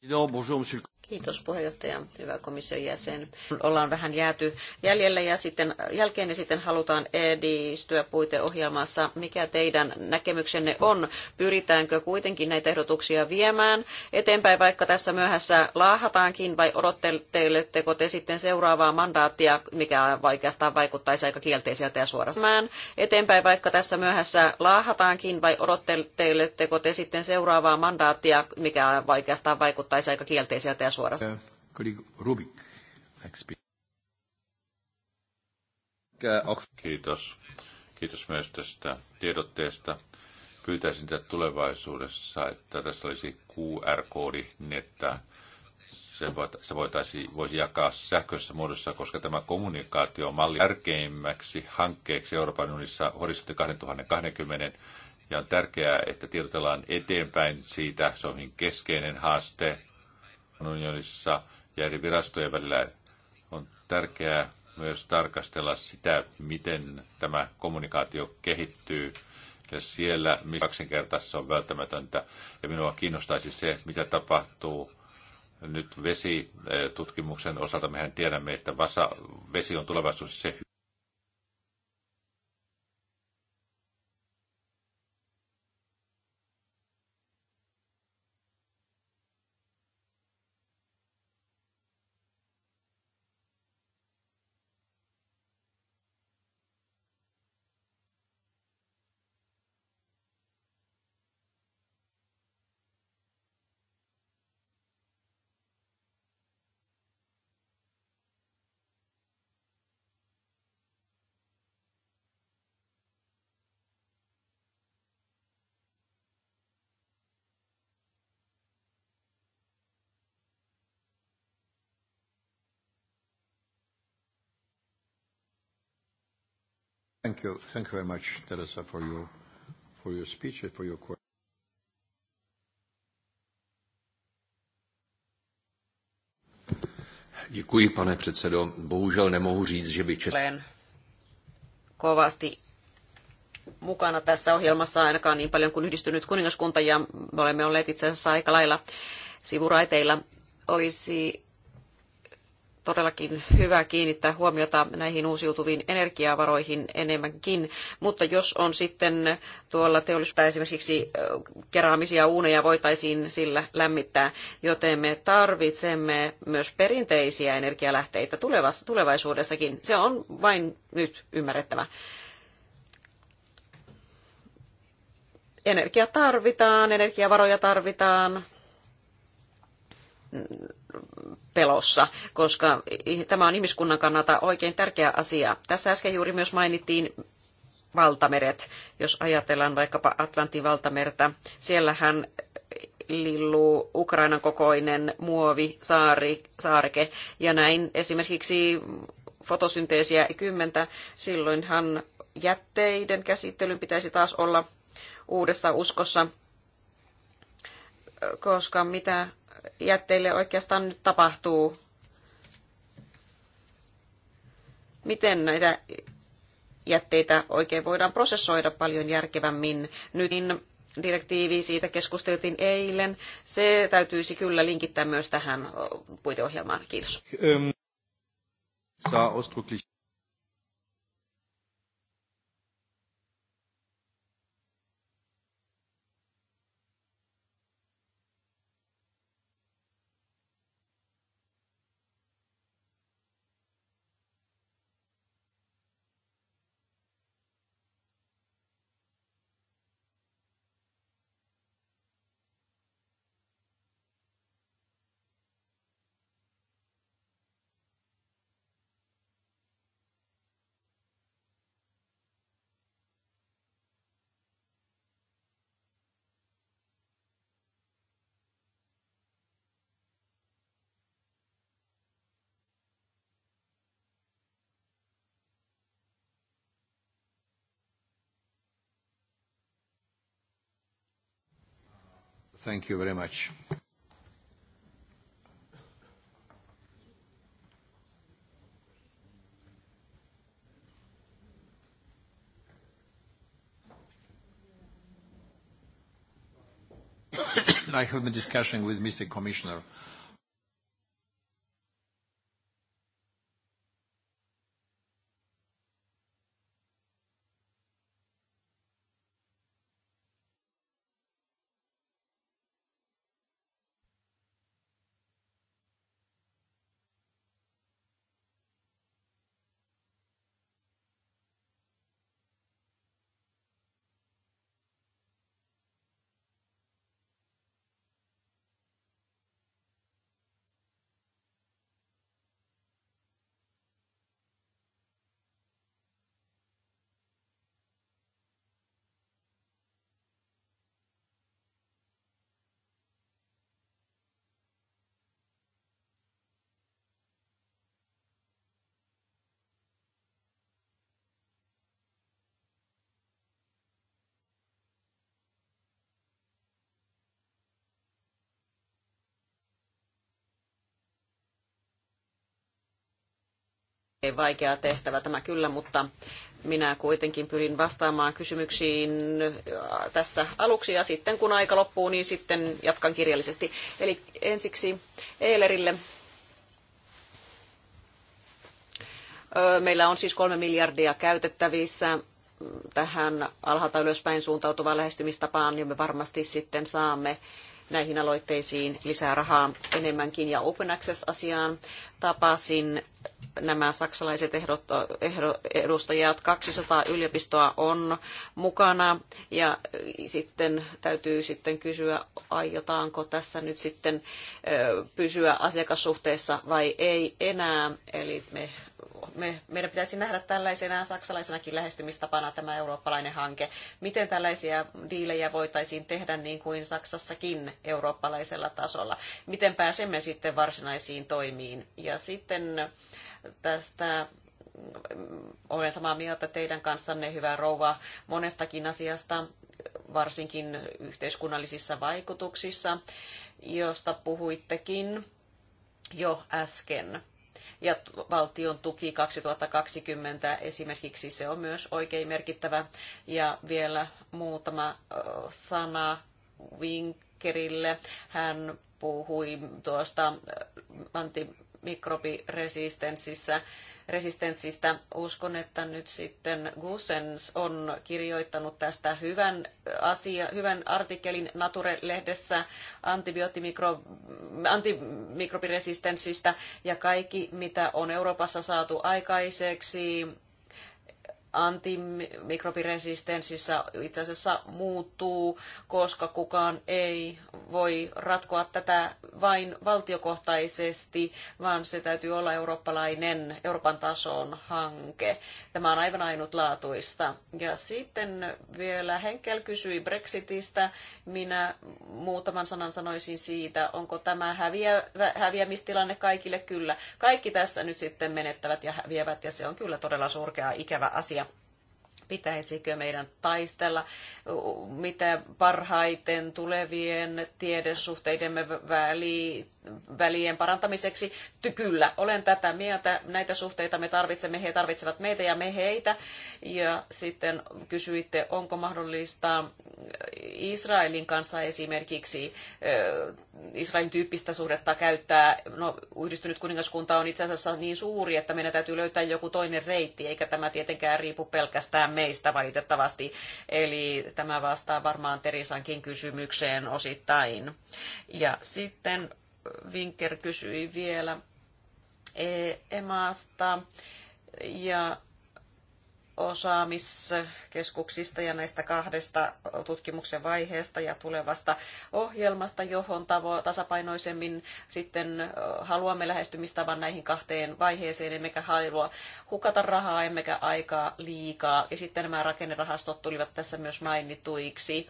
Bonjour, monsieur. le Kiitos puheenjohtaja, hyvä komission jäsen. Ollaan vähän jääty jäljellä ja sitten jälkeen ja sitten halutaan edistyä puiteohjelmassa. Mikä teidän näkemyksenne on? Pyritäänkö kuitenkin näitä ehdotuksia viemään eteenpäin, vaikka tässä myöhässä laahataankin vai odotteletteko te sitten seuraavaa mandaattia, mikä vaikeastaan vaikuttaisi aika kielteiseltä ja suorastaan eteenpäin, vaikka tässä myöhässä laahataankin vai odotteletteko te sitten seuraavaa mandaattia, mikä vaikeastaan vaikuttaisi aika kielteiseltä ja suorastaan Kiitos. Kiitos myös tästä tiedotteesta. Pyytäisin tätä tulevaisuudessa, että tässä olisi QR-koodi, niin että se, se voitaisiin, voisi jakaa sähköisessä muodossa, koska tämä kommunikaatio on malli tärkeimmäksi hankkeeksi Euroopan unionissa horisontti 2020. Ja on tärkeää, että tiedotellaan eteenpäin siitä. Se on hyvin keskeinen haaste unionissa ja eri virastojen välillä on tärkeää myös tarkastella sitä, miten tämä kommunikaatio kehittyy ja siellä kaksinkertaisessa on välttämätöntä. Ja minua kiinnostaisi se, mitä tapahtuu nyt vesitutkimuksen osalta. Mehän tiedämme, että vasa, vesi on tulevaisuudessa se Thank you. Thank you very much, Teresa, for your, for your speech and for your que- Děkuji, pane předsedo. Bohužel nemohu říct, že by Česká... kovasti mukana tässä ohjelmassa ainakaan niin paljon kuin yhdistynyt kuningaskunta ja me olemme olleet itse asiassa aika lailla sivuraiteilla. Olisi todellakin hyvä kiinnittää huomiota näihin uusiutuviin energiavaroihin enemmänkin, mutta jos on sitten tuolla teollisuutta esimerkiksi keräämisiä uuneja voitaisiin sillä lämmittää, joten me tarvitsemme myös perinteisiä energialähteitä tulevaisuudessakin. Se on vain nyt ymmärrettävä. Energia tarvitaan, energiavaroja tarvitaan, pelossa, koska tämä on ihmiskunnan kannalta oikein tärkeä asia. Tässä äsken juuri myös mainittiin valtameret. Jos ajatellaan vaikkapa Atlantin valtamerta, siellähän lilluu Ukrainan kokoinen muovi saari, saarke ja näin esimerkiksi fotosynteesiä kymmentä, silloinhan jätteiden käsittelyn pitäisi taas olla uudessa uskossa, koska mitä jätteille oikeastaan nyt tapahtuu? Miten näitä jätteitä oikein voidaan prosessoida paljon järkevämmin? Nyt niin direktiivi, siitä keskusteltiin eilen. Se täytyisi kyllä linkittää myös tähän puiteohjelmaan. Kiitos. Ähm, Thank you very much. *coughs* I have been discussing with Mr. Commissioner vaikea tehtävä tämä kyllä, mutta minä kuitenkin pyrin vastaamaan kysymyksiin äh, tässä aluksi ja sitten kun aika loppuu, niin sitten jatkan kirjallisesti. Eli ensiksi Eilerille. Meillä on siis kolme miljardia käytettävissä tähän alhaalta ylöspäin suuntautuvaan lähestymistapaan, ja niin me varmasti sitten saamme näihin aloitteisiin lisää rahaa enemmänkin. Ja Open Access-asiaan tapasin nämä saksalaiset ehdot, ehdo, edustajat. 200 yliopistoa on mukana ja sitten täytyy sitten kysyä, aiotaanko tässä nyt sitten pysyä asiakassuhteessa vai ei enää. Eli me me, meidän pitäisi nähdä tällaisena saksalaisenakin lähestymistapana tämä eurooppalainen hanke. Miten tällaisia diilejä voitaisiin tehdä niin kuin Saksassakin eurooppalaisella tasolla? Miten pääsemme sitten varsinaisiin toimiin? Ja sitten tästä mm, olen samaa mieltä teidän kanssanne, hyvä rouva, monestakin asiasta, varsinkin yhteiskunnallisissa vaikutuksissa, josta puhuittekin jo äsken. Ja valtion tuki 2020 esimerkiksi se on myös oikein merkittävä. Ja vielä muutama sana Winkerille. Hän puhui tuosta antimikrobiresistensistä resistenssistä. Uskon, että nyt sitten Gusens on kirjoittanut tästä hyvän, äh, asia, hyvän artikkelin Nature-lehdessä antimikrobiresistenssistä ja kaikki, mitä on Euroopassa saatu aikaiseksi antimikrobiresistenssissä itse asiassa muuttuu, koska kukaan ei voi ratkoa tätä vain valtiokohtaisesti, vaan se täytyy olla eurooppalainen, Euroopan tason hanke. Tämä on aivan ainutlaatuista. Ja sitten vielä Henkel kysyi Brexitistä. Minä muutaman sanan sanoisin siitä, onko tämä häviä, häviämistilanne kaikille? Kyllä. Kaikki tässä nyt sitten menettävät ja häviävät, ja se on kyllä todella surkea ikävä asia pitäisikö meidän taistella mitä parhaiten tulevien tiedesuhteidemme väliin välien parantamiseksi. Kyllä, olen tätä mieltä. Näitä suhteita me tarvitsemme, he tarvitsevat meitä ja me heitä. Ja sitten kysyitte, onko mahdollista Israelin kanssa esimerkiksi Israelin tyyppistä suhdetta käyttää. No, yhdistynyt kuningaskunta on itse asiassa niin suuri, että meidän täytyy löytää joku toinen reitti, eikä tämä tietenkään riipu pelkästään meistä valitettavasti. Eli tämä vastaa varmaan Terisankin kysymykseen osittain. Ja sitten Winker kysyi vielä EMAsta ja osaamiskeskuksista ja näistä kahdesta tutkimuksen vaiheesta ja tulevasta ohjelmasta, johon tavo- tasapainoisemmin sitten haluamme lähestymistavan näihin kahteen vaiheeseen, emmekä halua hukata rahaa, emmekä aikaa liikaa. Ja sitten nämä rakennerahastot tulivat tässä myös mainituiksi.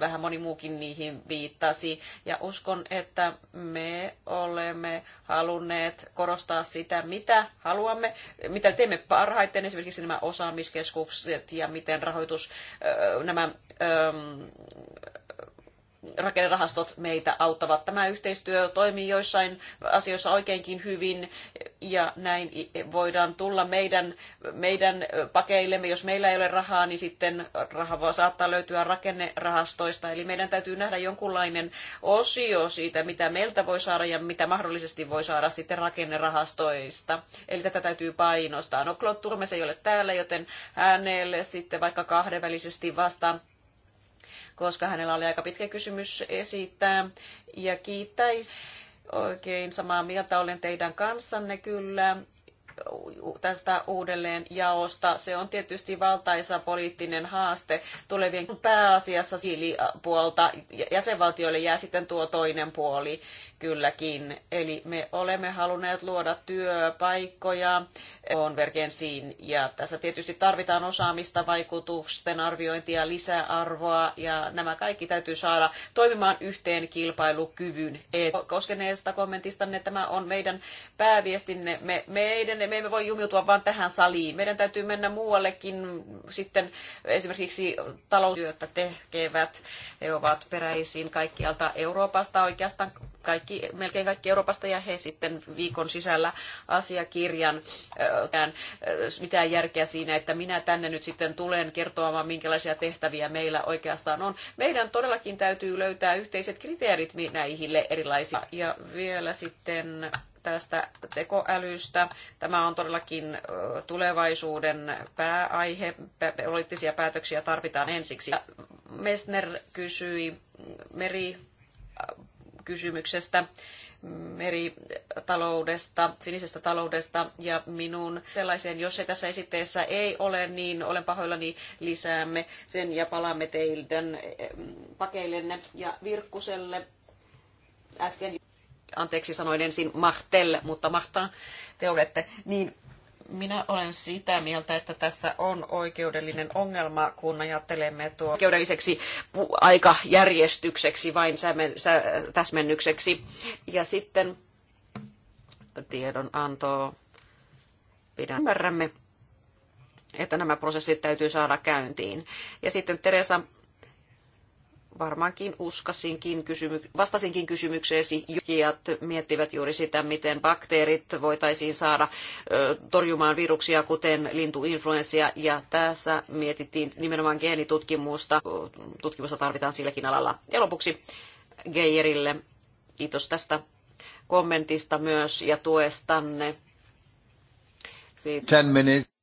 Vähän moni muukin niihin viittasi. Ja uskon, että me olemme halunneet korostaa sitä, mitä haluamme, mitä teemme parhaiten, esimerkiksi nämä osa osaamiskeskukset ja miten rahoitus, nämä rakennerahastot meitä auttavat. Tämä yhteistyö toimii joissain asioissa oikeinkin hyvin ja näin voidaan tulla meidän, meidän pakeillemme. Jos meillä ei ole rahaa, niin sitten raha saattaa löytyä rakennerahastoista. Eli meidän täytyy nähdä jonkunlainen osio siitä, mitä meiltä voi saada ja mitä mahdollisesti voi saada sitten rakennerahastoista. Eli tätä täytyy painostaa. No Claude Turmes ei ole täällä, joten hänelle sitten vaikka kahdenvälisesti vastaan koska hänellä oli aika pitkä kysymys esittää. Ja kiittäisi. Oikein samaa mieltä olen teidän kanssanne kyllä tästä uudelleen jaosta. Se on tietysti valtaisa poliittinen haaste tulevien pääasiassa siilipuolta. Jäsenvaltioille jää sitten tuo toinen puoli kylläkin. Eli me olemme halunneet luoda työpaikkoja konvergenssiin ja tässä tietysti tarvitaan osaamista, vaikutusten arviointia, lisäarvoa ja nämä kaikki täytyy saada toimimaan yhteen kilpailukyvyn. Koskeneesta kommentistanne tämä on meidän pääviestinne. Me, meidän tänne. Me emme voi jumiutua vain tähän saliin. Meidän täytyy mennä muuallekin sitten esimerkiksi taloustyötä tekevät. He ovat peräisin kaikkialta Euroopasta oikeastaan kaikki, melkein kaikki Euroopasta ja he sitten viikon sisällä asiakirjan äh, äh mitään järkeä siinä, että minä tänne nyt sitten tulen kertoamaan, minkälaisia tehtäviä meillä oikeastaan on. Meidän todellakin täytyy löytää yhteiset kriteerit näihin erilaisia. Ja vielä sitten tästä tekoälystä. Tämä on todellakin tulevaisuuden pääaihe. Poliittisia päätöksiä tarvitaan ensiksi. Messner kysyi meri kysymyksestä meritaloudesta, sinisestä taloudesta ja minun sellaiseen, jos se tässä esitteessä ei ole, niin olen pahoillani lisäämme sen ja palaamme teidän pakeillenne ja Virkkuselle äsken anteeksi sanoin ensin Mahtel, mutta Mahtaan te olette, niin minä olen sitä mieltä, että tässä on oikeudellinen ongelma, kun ajattelemme tuo oikeudelliseksi aikajärjestykseksi, vain täsmennykseksi. Ja sitten tiedonantoa pidän. Ymmärrämme, että nämä prosessit täytyy saada käyntiin. Ja sitten Teresa varmaankin uskasinkin kysymyk- vastasinkin kysymykseesi. Jujat miettivät juuri sitä, miten bakteerit voitaisiin saada torjumaan viruksia, kuten lintuinfluenssia. Ja tässä mietittiin nimenomaan geenitutkimusta. Tutkimusta tarvitaan silläkin alalla. Ja lopuksi Geijerille kiitos tästä kommentista myös ja tuestanne. Siitä. Ten minutes.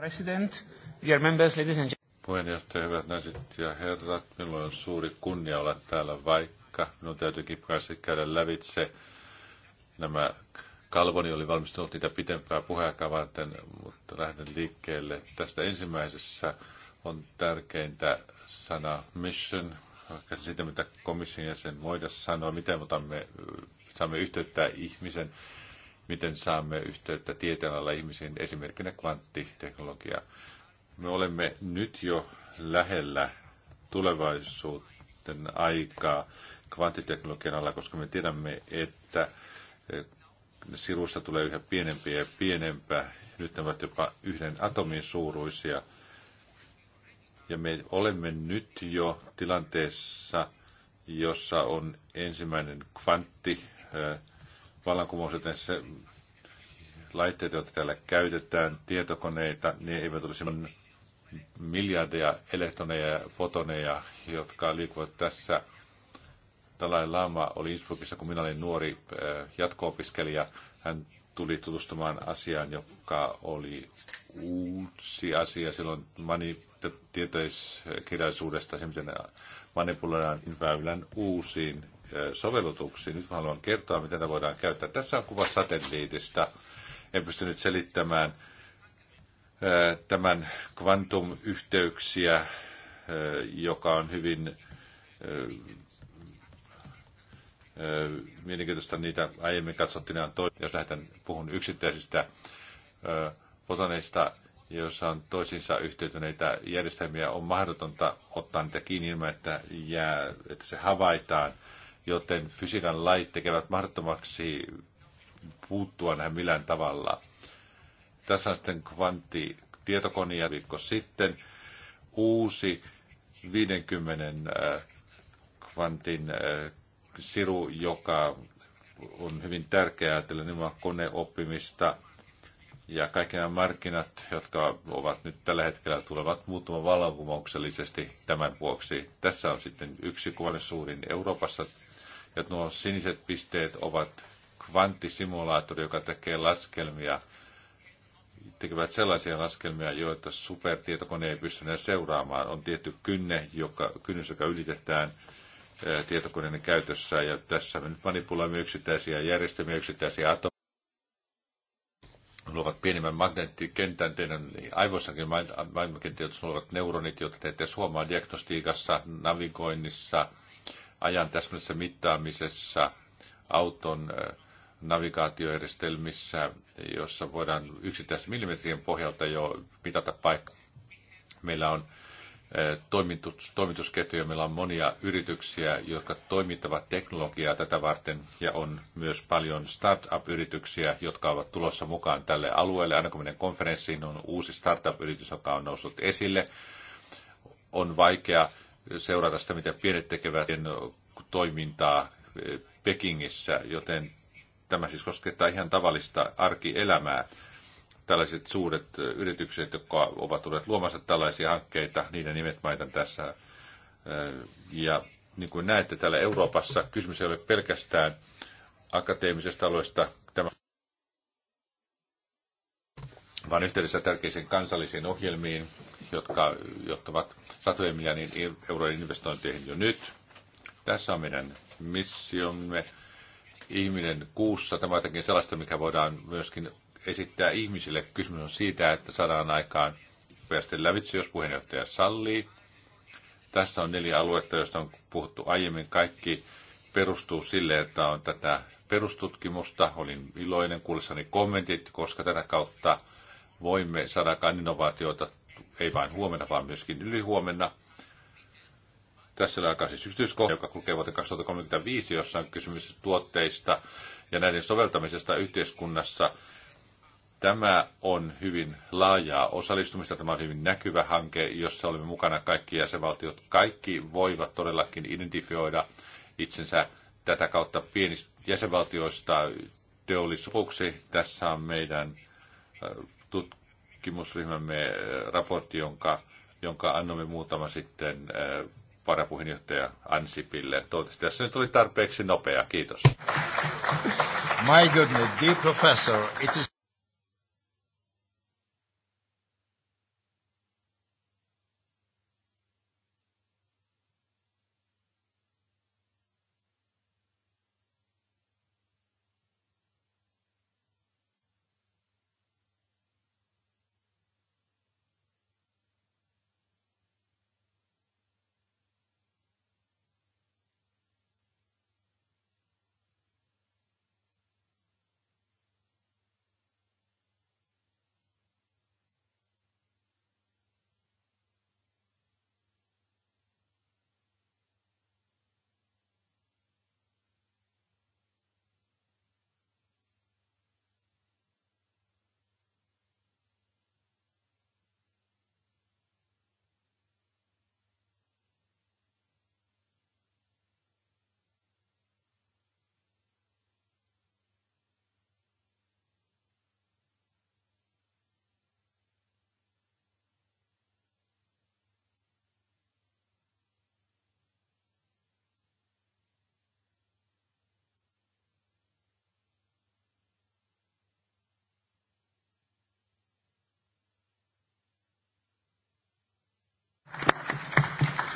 President, dear members, ladies and Puheenjohtaja, hyvät naiset ja herrat, minulla on suuri kunnia olla täällä, vaikka minun täytyy kipkaasti käydä lävitse nämä Kalvoni oli valmistunut niitä pitempää puheaikaa varten, mutta lähden liikkeelle. Tästä ensimmäisessä on tärkeintä sana mission, siitä, mitä komission jäsen voida sanoa, miten otamme, saamme yhteyttä ihmisen miten saamme yhteyttä tieteenalalla ihmisiin, esimerkkinä kvanttiteknologia. Me olemme nyt jo lähellä tulevaisuuden aikaa kvanttiteknologian alla, koska me tiedämme, että e, sirusta tulee yhä pienempiä ja pienempää. Nyt ne ovat jopa yhden atomin suuruisia. Ja me olemme nyt jo tilanteessa, jossa on ensimmäinen kvantti e, vallankumous, joten se laitteet, joita täällä käytetään, tietokoneita, ne eivät ole semmoinen miljardeja elektroneja ja fotoneja, jotka liikkuvat tässä. Dalai Lama oli Innsbruckissa, kun minä olin nuori äh, jatko-opiskelija. Hän tuli tutustumaan asiaan, joka oli uusi asia silloin mani- tieteiskirjallisuudesta, se miten manipuloidaan väylän uusiin sovellutuksiin. Nyt haluan kertoa, miten tätä voidaan käyttää. Tässä on kuva satelliitista. En pysty nyt selittämään tämän kvantumyhteyksiä, joka on hyvin mielenkiintoista. Niitä aiemmin katsottiin, on toi, jos lähdetään puhun yksittäisistä fotoneista, joissa on toisiinsa yhteytyneitä järjestelmiä, on mahdotonta ottaa niitä kiinni ilman, että, jää, että se havaitaan joten fysiikan lait tekevät mahdottomaksi puuttua näihin millään tavalla. Tässä on sitten ja viikko sitten uusi 50 äh, kvantin äh, siru, joka on hyvin tärkeää ajatella nimenomaan koneoppimista ja kaikki nämä markkinat, jotka ovat nyt tällä hetkellä, tulevat muuttumaan vallankumouksellisesti tämän vuoksi. Tässä on sitten yksi kuvalle suurin Euroopassa ja nuo siniset pisteet ovat kvanttisimulaattori, joka tekee laskelmia, tekevät sellaisia laskelmia, joita supertietokone ei pysty seuraamaan. On tietty kynne, joka, kynnys, joka ylitetään eh, tietokoneen käytössä, ja tässä me nyt manipuloimme yksittäisiä järjestelmiä, yksittäisiä atomeja, luovat pienimmän magneettikentän teidän aivossakin, maailmankenties luovat neuronit, joita te ette huomaa diagnostiikassa, navigoinnissa, ajan täsmällisessä mittaamisessa, auton navigaatiojärjestelmissä, jossa voidaan yksittäisen millimetrien pohjalta jo mitata paikka. Meillä on toimitus, toimitusketjuja, meillä on monia yrityksiä, jotka toimittavat teknologiaa tätä varten, ja on myös paljon startup-yrityksiä, jotka ovat tulossa mukaan tälle alueelle. Aina kun menen konferenssiin, on uusi startup-yritys, joka on noussut esille. On vaikea seurata sitä, mitä pienet tekevät toimintaa eh, Pekingissä, joten tämä siis koskettaa ihan tavallista arkielämää. Tällaiset suuret eh, yritykset, jotka ovat tulleet luomassa tällaisia hankkeita, niiden nimet mainitan tässä. Eh, ja niin kuin näette täällä Euroopassa, kysymys ei ole pelkästään akateemisesta alueesta, tämä, vaan yhteydessä tärkeisiin kansallisiin ohjelmiin, jotka johtavat satojen miljardin eurojen investointeihin jo nyt. Tässä on meidän missiomme. Ihminen kuussa, tämä on sellaista, mikä voidaan myöskin esittää ihmisille. Kysymys on siitä, että saadaan aikaan nopeasti lävitse, jos puheenjohtaja sallii. Tässä on neljä aluetta, joista on puhuttu aiemmin. Kaikki perustuu sille, että on tätä perustutkimusta. Olin iloinen kuullessani kommentit, koska tätä kautta voimme saada innovaatioita ei vain huomenna, vaan myöskin ylihuomenna. Tässä on aika siis yksityiskohta, joka kulkee vuoteen 2035, jossa on kysymys tuotteista ja näiden soveltamisesta yhteiskunnassa. Tämä on hyvin laajaa osallistumista, tämä on hyvin näkyvä hanke, jossa olemme mukana kaikki jäsenvaltiot. Kaikki voivat todellakin identifioida itsensä tätä kautta pienistä jäsenvaltioista teollisuuksi. Tässä on meidän äh, tutkimusryhmämme eh, raportti, jonka, jonka annoimme muutama sitten eh, varapuheenjohtaja Ansipille. Toivottavasti tässä nyt oli tarpeeksi nopea. Kiitos. My goodness, dear professor, it is...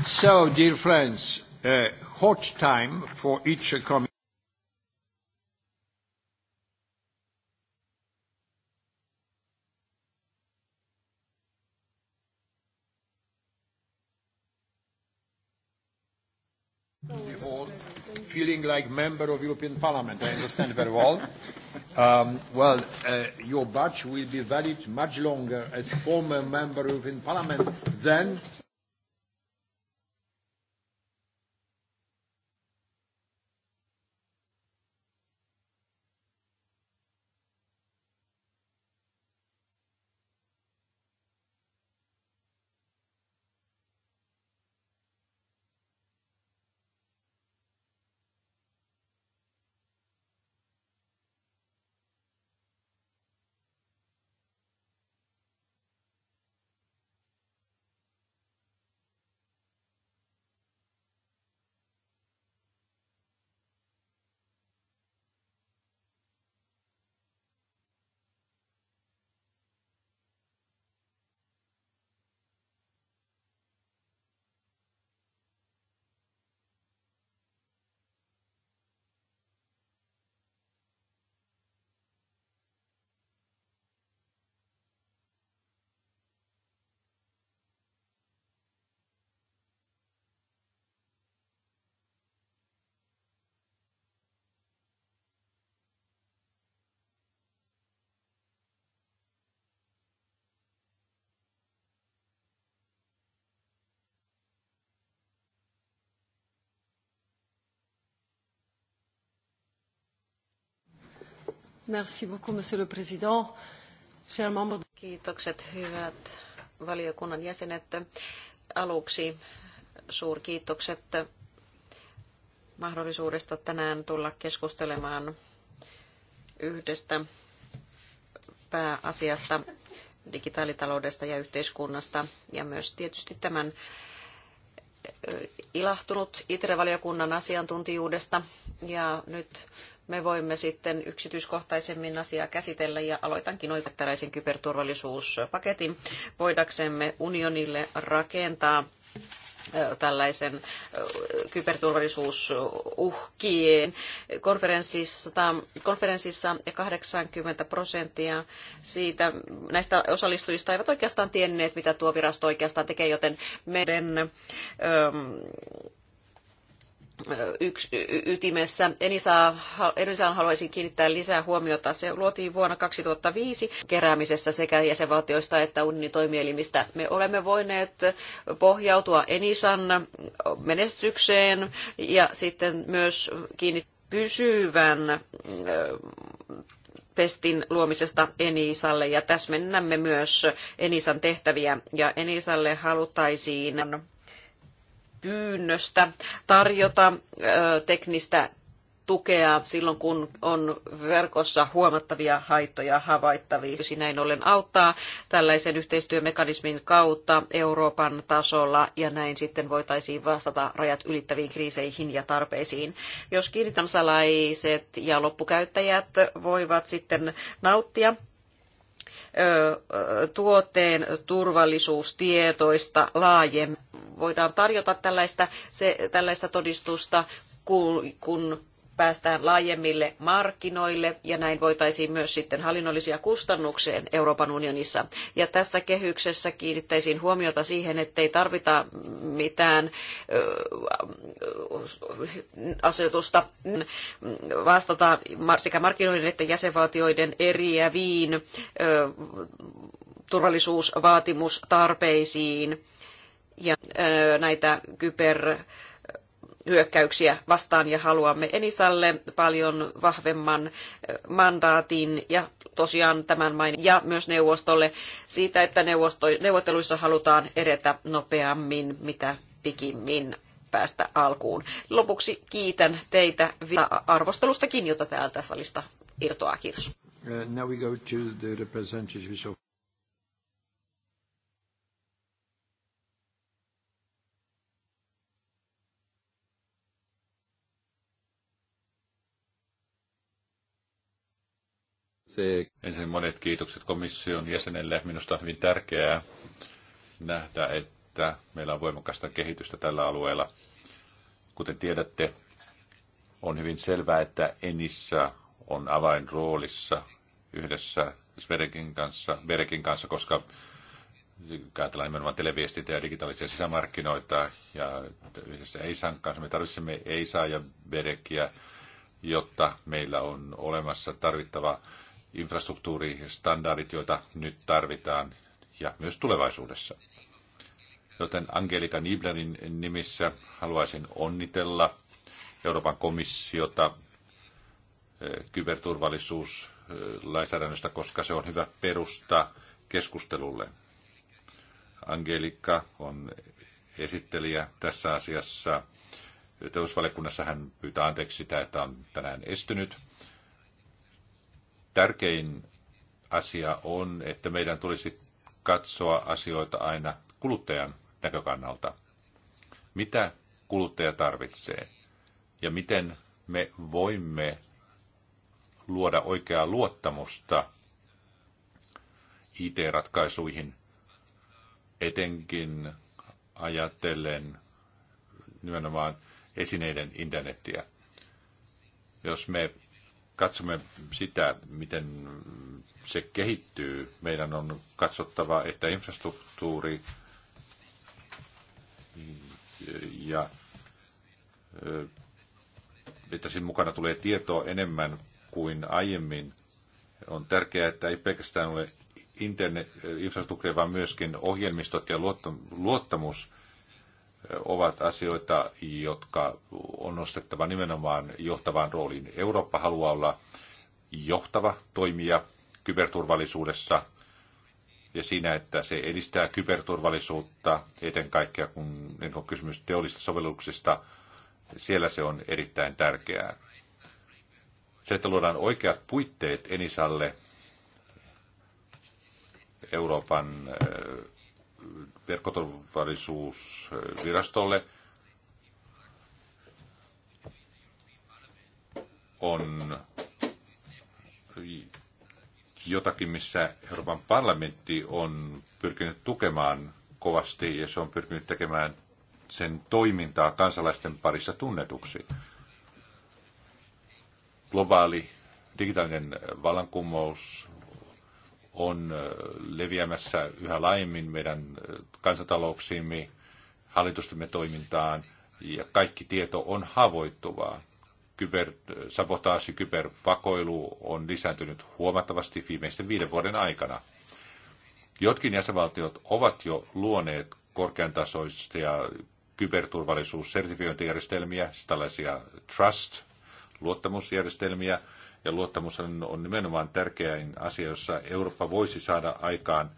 So, dear friends, uh, hot time for each committee. feeling like member of European Parliament. I understand very well. *laughs* Um, well, uh, your badge will be valid much longer as former member of European Parliament than Merci beaucoup, monsieur le président. Kiitokset, hyvät valiokunnan jäsenet. Aluksi suurkiitokset mahdollisuudesta tänään tulla keskustelemaan yhdestä pääasiasta digitaalitaloudesta ja yhteiskunnasta ja myös tietysti tämän ilahtunut ITRE-valiokunnan asiantuntijuudesta ja nyt me voimme sitten yksityiskohtaisemmin asiaa käsitellä ja aloitankin oikeuttaräisen kyberturvallisuuspaketin voidaksemme unionille rakentaa tällaisen kyberturvallisuusuhkien konferenssissa, konferenssissa ja 80 prosenttia siitä näistä osallistujista eivät oikeastaan tienneet, mitä tuo virasto oikeastaan tekee, joten meidän öö, ytimessä. Enisaan haluaisin kiinnittää lisää huomiota. Se luotiin vuonna 2005 keräämisessä sekä jäsenvaltioista että unionin toimielimistä. Me olemme voineet pohjautua Enisan menestykseen ja sitten myös kiinnittää pysyvän pestin luomisesta Enisalle ja täsmennämme myös Enisan tehtäviä ja Enisalle haluttaisiin pyynnöstä tarjota teknistä tukea silloin, kun on verkossa huomattavia haittoja havaittavissa. Näin ollen auttaa tällaisen yhteistyömekanismin kautta Euroopan tasolla ja näin sitten voitaisiin vastata rajat ylittäviin kriiseihin ja tarpeisiin. Jos salaiset ja loppukäyttäjät voivat sitten nauttia tuotteen turvallisuustietoista laajemmin voidaan tarjota tällaista, se, tällaista todistusta, kun, kun päästään laajemmille markkinoille ja näin voitaisiin myös sitten hallinnollisia kustannuksia Euroopan unionissa. Ja tässä kehyksessä kiinnittäisin huomiota siihen, ettei tarvita mitään asetusta vastata sekä markkinoiden että jäsenvaltioiden eriäviin turvallisuusvaatimustarpeisiin ja näitä kyberhyökkäyksiä vastaan ja haluamme Enisalle paljon vahvemman mandaatin ja tosiaan tämän main ja myös neuvostolle siitä, että neuvosto, neuvotteluissa halutaan edetä nopeammin, mitä pikimmin päästä alkuun. Lopuksi kiitän teitä arvostelustakin, jota täältä salista irtoaa. Kiitos. Uh, now we go to the representatives of... Se... Ensin monet kiitokset komission jäsenelle. Minusta on hyvin tärkeää nähdä, että meillä on voimakasta kehitystä tällä alueella. Kuten tiedätte, on hyvin selvää, että Enissä on avainroolissa yhdessä Sverekin kanssa, Berekin kanssa, koska ajatellaan nimenomaan televiestintä ja digitaalisia sisämarkkinoita ja yhdessä EISAN kanssa. Me tarvitsemme EISAa ja Berekiä, jotta meillä on olemassa tarvittava infrastruktuuristandardit, joita nyt tarvitaan ja myös tulevaisuudessa. Joten Angelika Niblerin nimissä haluaisin onnitella Euroopan komissiota eh, kyberturvallisuuslainsäädännöstä, koska se on hyvä perusta keskustelulle. Angelika on esittelijä tässä asiassa. Teollisuusvaliokunnassa hän pyytää anteeksi sitä, että on tänään estynyt. Tärkein asia on, että meidän tulisi katsoa asioita aina kuluttajan näkökannalta. Mitä kuluttaja tarvitsee ja miten me voimme luoda oikeaa luottamusta IT-ratkaisuihin, etenkin ajatellen nimenomaan esineiden internettiä. Jos me katsomme sitä, miten se kehittyy, meidän on katsottava, että infrastruktuuri ja että siinä mukana tulee tietoa enemmän kuin aiemmin. On tärkeää, että ei pelkästään ole internet infrastruktuuri, vaan myöskin ohjelmistot ja luottamus ovat asioita, jotka on nostettava nimenomaan johtavaan rooliin. Eurooppa haluaa olla johtava toimija kyberturvallisuudessa ja siinä, että se edistää kyberturvallisuutta eten kaikkea, kun on kysymys teollisista sovelluksista, siellä se on erittäin tärkeää. Se, että luodaan oikeat puitteet Enisalle Euroopan äh, verkkoturvallisuusvirastolle on jotakin, missä Euroopan parlamentti on pyrkinyt tukemaan kovasti ja se on pyrkinyt tekemään sen toimintaa kansalaisten parissa tunnetuksi. Globaali digitaalinen vallankumous on leviämässä yhä laajemmin meidän kansantalouksiimme, hallitustemme toimintaan, ja kaikki tieto on havoittuvaa. Kyber, sabotaasi, kybervakoilu on lisääntynyt huomattavasti viimeisten viiden vuoden aikana. Jotkin jäsenvaltiot ovat jo luoneet korkean tasoisia kyberturvallisuussertifiointijärjestelmiä, tällaisia trust, luottamusjärjestelmiä, ja luottamus on nimenomaan tärkein asia, jossa Eurooppa voisi saada aikaan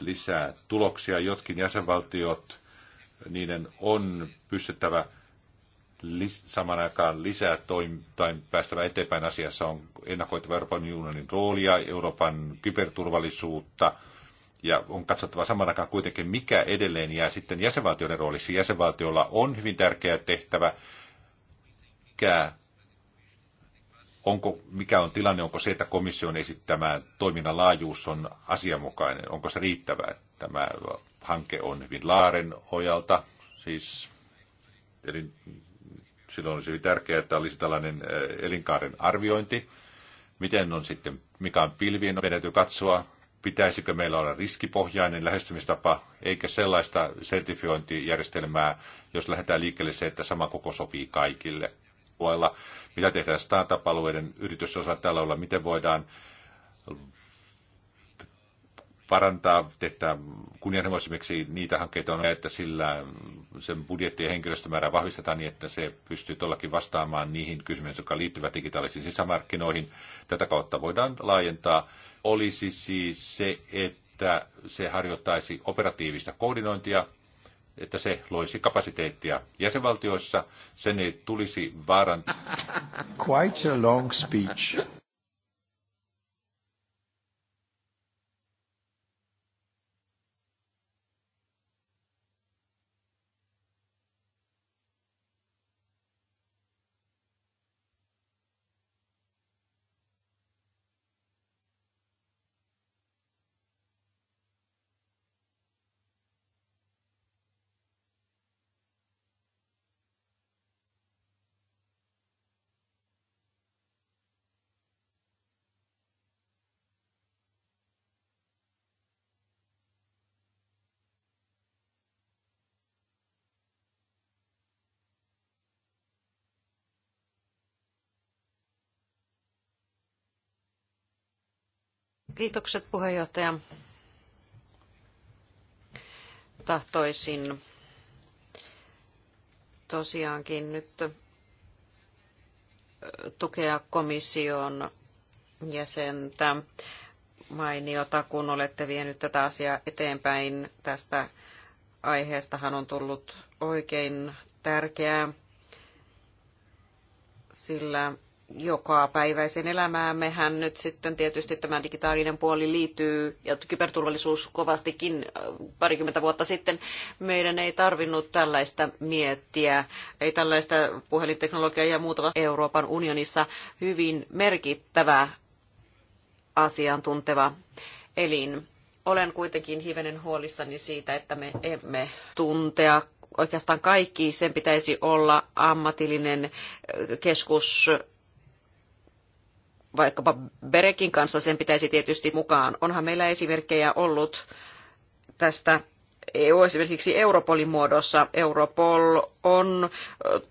lisää tuloksia. Jotkin jäsenvaltiot, niiden on pystyttävä lis- saman aikaan lisää toim- tai päästävä eteenpäin asiassa on ennakoitava Euroopan unionin roolia, Euroopan kyberturvallisuutta, ja on katsottava saman aikaan kuitenkin, mikä edelleen jää sitten jäsenvaltioiden rooliksi. Jäsenvaltiolla on hyvin tärkeä tehtävä, onko, mikä on tilanne, onko se, että komission esittämä toiminnan laajuus on asianmukainen, onko se riittävää. Tämä hanke on hyvin laaren ojalta, siis eli silloin olisi hyvin tärkeää, että olisi tällainen eh, elinkaaren arviointi. Miten on sitten, mikä on pilvien, meidän täytyy katsoa, pitäisikö meillä olla riskipohjainen lähestymistapa, eikä sellaista sertifiointijärjestelmää, jos lähdetään liikkeelle se, että sama koko sopii kaikille – puolella, mitä tehdään startup-alueiden yritysosa tällä olla, miten voidaan parantaa, että kunnianhimoisemmiksi niitä hankkeita on, että sillä sen budjetti- ja henkilöstömäärää vahvistetaan niin, että se pystyy tuollakin vastaamaan niihin kysymyksiin, jotka liittyvät digitaalisiin sisämarkkinoihin. Tätä kautta voidaan laajentaa. Olisi siis se, että se harjoittaisi operatiivista koordinointia että se loisi kapasiteettia jäsenvaltioissa. Sen ei tulisi vaarantaa. Quite a long speech. Kiitokset puheenjohtaja. Tahtoisin tosiaankin nyt tukea komission jäsentä mainiota, kun olette vienyt tätä asiaa eteenpäin. Tästä aiheestahan on tullut oikein tärkeää, sillä joka päiväisen elämäämmehän nyt sitten tietysti tämä digitaalinen puoli liittyy ja kyberturvallisuus kovastikin äh, parikymmentä vuotta sitten. Meidän ei tarvinnut tällaista miettiä, ei tällaista puhelinteknologiaa ja muuta Euroopan unionissa hyvin merkittävä asiantunteva elin. Olen kuitenkin hivenen huolissani siitä, että me emme tuntea oikeastaan kaikki, sen pitäisi olla ammatillinen äh, keskus vaikkapa Berekin kanssa sen pitäisi tietysti mukaan. Onhan meillä esimerkkejä ollut tästä EU esimerkiksi Europolin muodossa. Europol on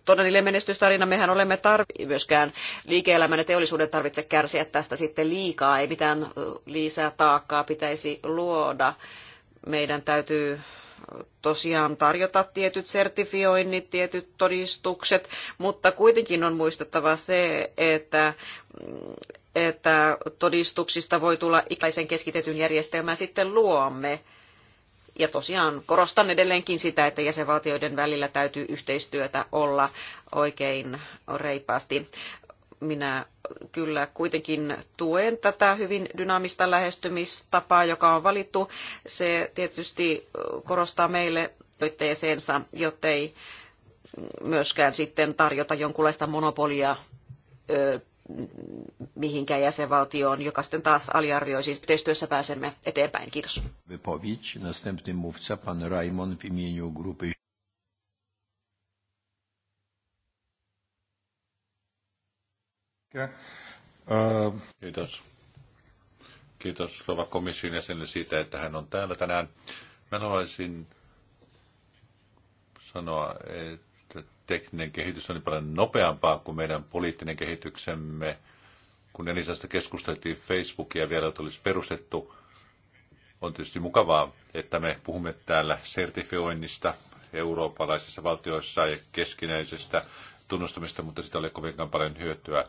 todellinen menestystarina. Mehän olemme tarvi myöskään liike-elämän ja teollisuuden tarvitse kärsiä tästä sitten liikaa. Ei mitään lisää taakkaa pitäisi luoda. Meidän täytyy tosiaan tarjota tietyt sertifioinnit, tietyt todistukset, mutta kuitenkin on muistettava se, että mm, että todistuksista voi tulla ikäisen keskitetyn järjestelmän sitten luomme. Ja tosiaan korostan edelleenkin sitä, että jäsenvaltioiden välillä täytyy yhteistyötä olla oikein reipaasti minä kyllä kuitenkin tuen tätä hyvin dynaamista lähestymistapaa, joka on valittu. Se tietysti korostaa meille tavoitteeseensa, jottei myöskään sitten tarjota jonkunlaista monopolia mihinkään jäsenvaltioon, joka sitten taas aliarvioi. Siis yhteistyössä pääsemme eteenpäin. Kiitos. Kiitos. Kiitos Rova komission jäsenelle siitä, että hän on täällä tänään. Mä haluaisin sanoa, että tekninen kehitys on niin paljon nopeampaa kuin meidän poliittinen kehityksemme. Kun Elisasta keskusteltiin Facebookia vielä, että olisi perustettu, on tietysti mukavaa, että me puhumme täällä sertifioinnista eurooppalaisissa valtioissa ja keskinäisestä tunnustamista, mutta sitä ei ole kovinkaan paljon hyötyä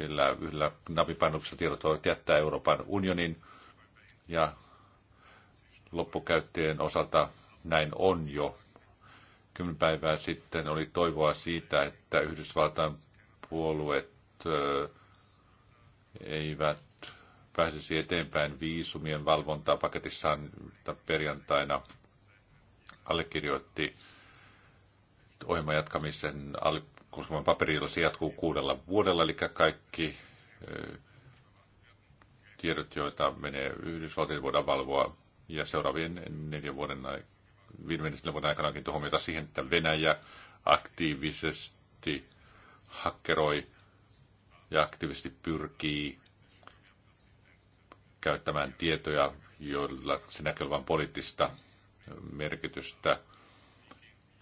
sillä yhdellä napipannuksella tiedot voivat jättää Euroopan unionin ja loppukäyttäjien osalta näin on jo. Kymmenen päivää sitten oli toivoa siitä, että Yhdysvaltain puolueet eivät pääsisi eteenpäin viisumien valvontaa paketissaan perjantaina allekirjoitti ohjelman jatkamisen koska paperi, paperilla se jatkuu kuudella vuodella, eli kaikki tiedot, joita menee Yhdysvaltoihin, voidaan valvoa. Ja seuraavien neljän vuoden, viimeisellä vuoden aikana onkin huomiota siihen, että Venäjä aktiivisesti hakkeroi ja aktiivisesti pyrkii käyttämään tietoja, joilla se näkyy vain poliittista merkitystä –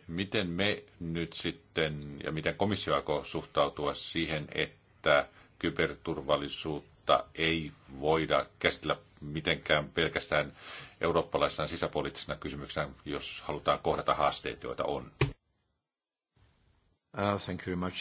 Miten me nyt sitten ja miten komissio aikoo suhtautua siihen, että kyberturvallisuutta ei voida käsitellä mitenkään pelkästään eurooppalaisena sisäpoliittisena kysymyksenä, jos halutaan kohdata haasteet, joita on? Uh, thank you very much.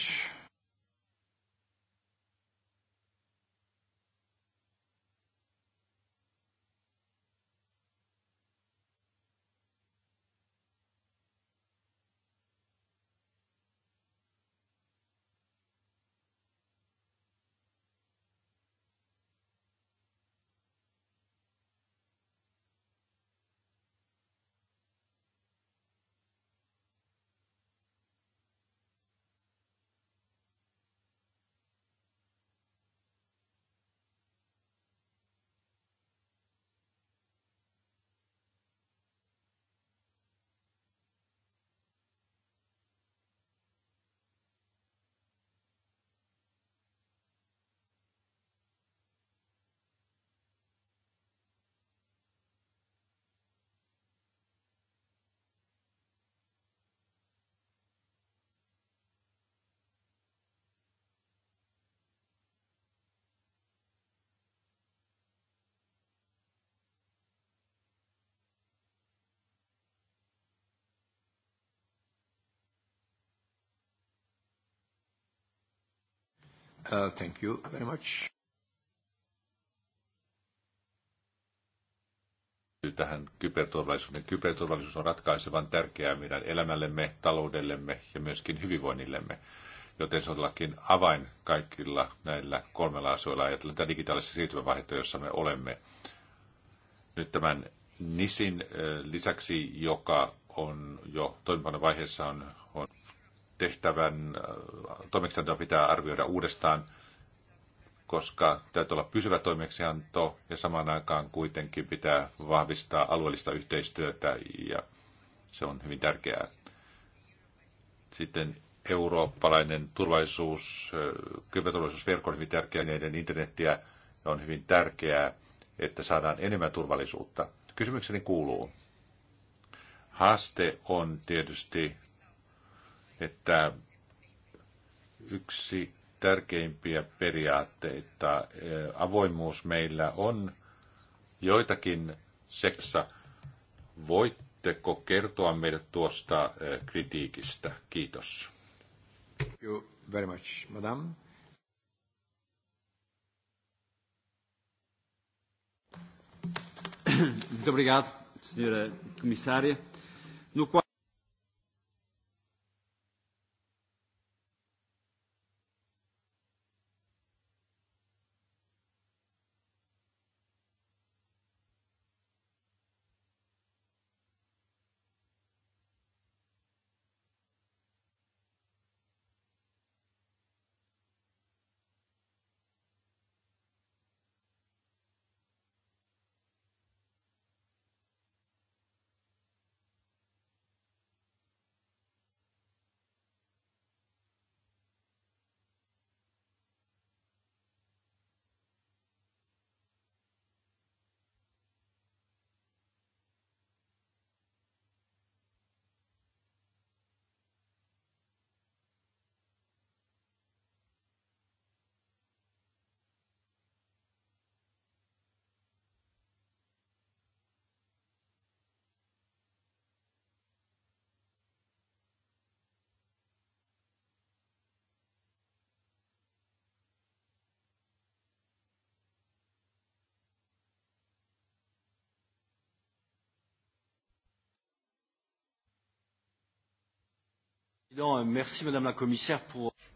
Uh, thank you very much. Tähän kyberturvallisuuteen. Kyberturvallisuus on ratkaisevan tärkeää meidän elämällemme, taloudellemme ja myöskin hyvinvoinnillemme. Joten se on todellakin avain kaikilla näillä kolmella asioilla ajatellen tätä digitaalista siirtymävaihetta, jossa me olemme. Nyt tämän NISin eh, lisäksi, joka on jo toimivan vaiheessa on tehtävän äh, toimeksiantoa pitää arvioida uudestaan, koska täytyy olla pysyvä toimeksianto ja samaan aikaan kuitenkin pitää vahvistaa alueellista yhteistyötä ja se on hyvin tärkeää. Sitten eurooppalainen turvallisuus, äh, kyberturvallisuusverkko on hyvin tärkeää, niiden internettiä on hyvin tärkeää, että saadaan enemmän turvallisuutta. Kysymykseni kuuluu, haaste on tietysti että yksi tärkeimpiä periaatteita, eh, avoimuus meillä on joitakin seksa. Voitteko kertoa meille tuosta eh, kritiikistä? Kiitos. Thank you very much, madam. Muito obrigado, senhora comissária. No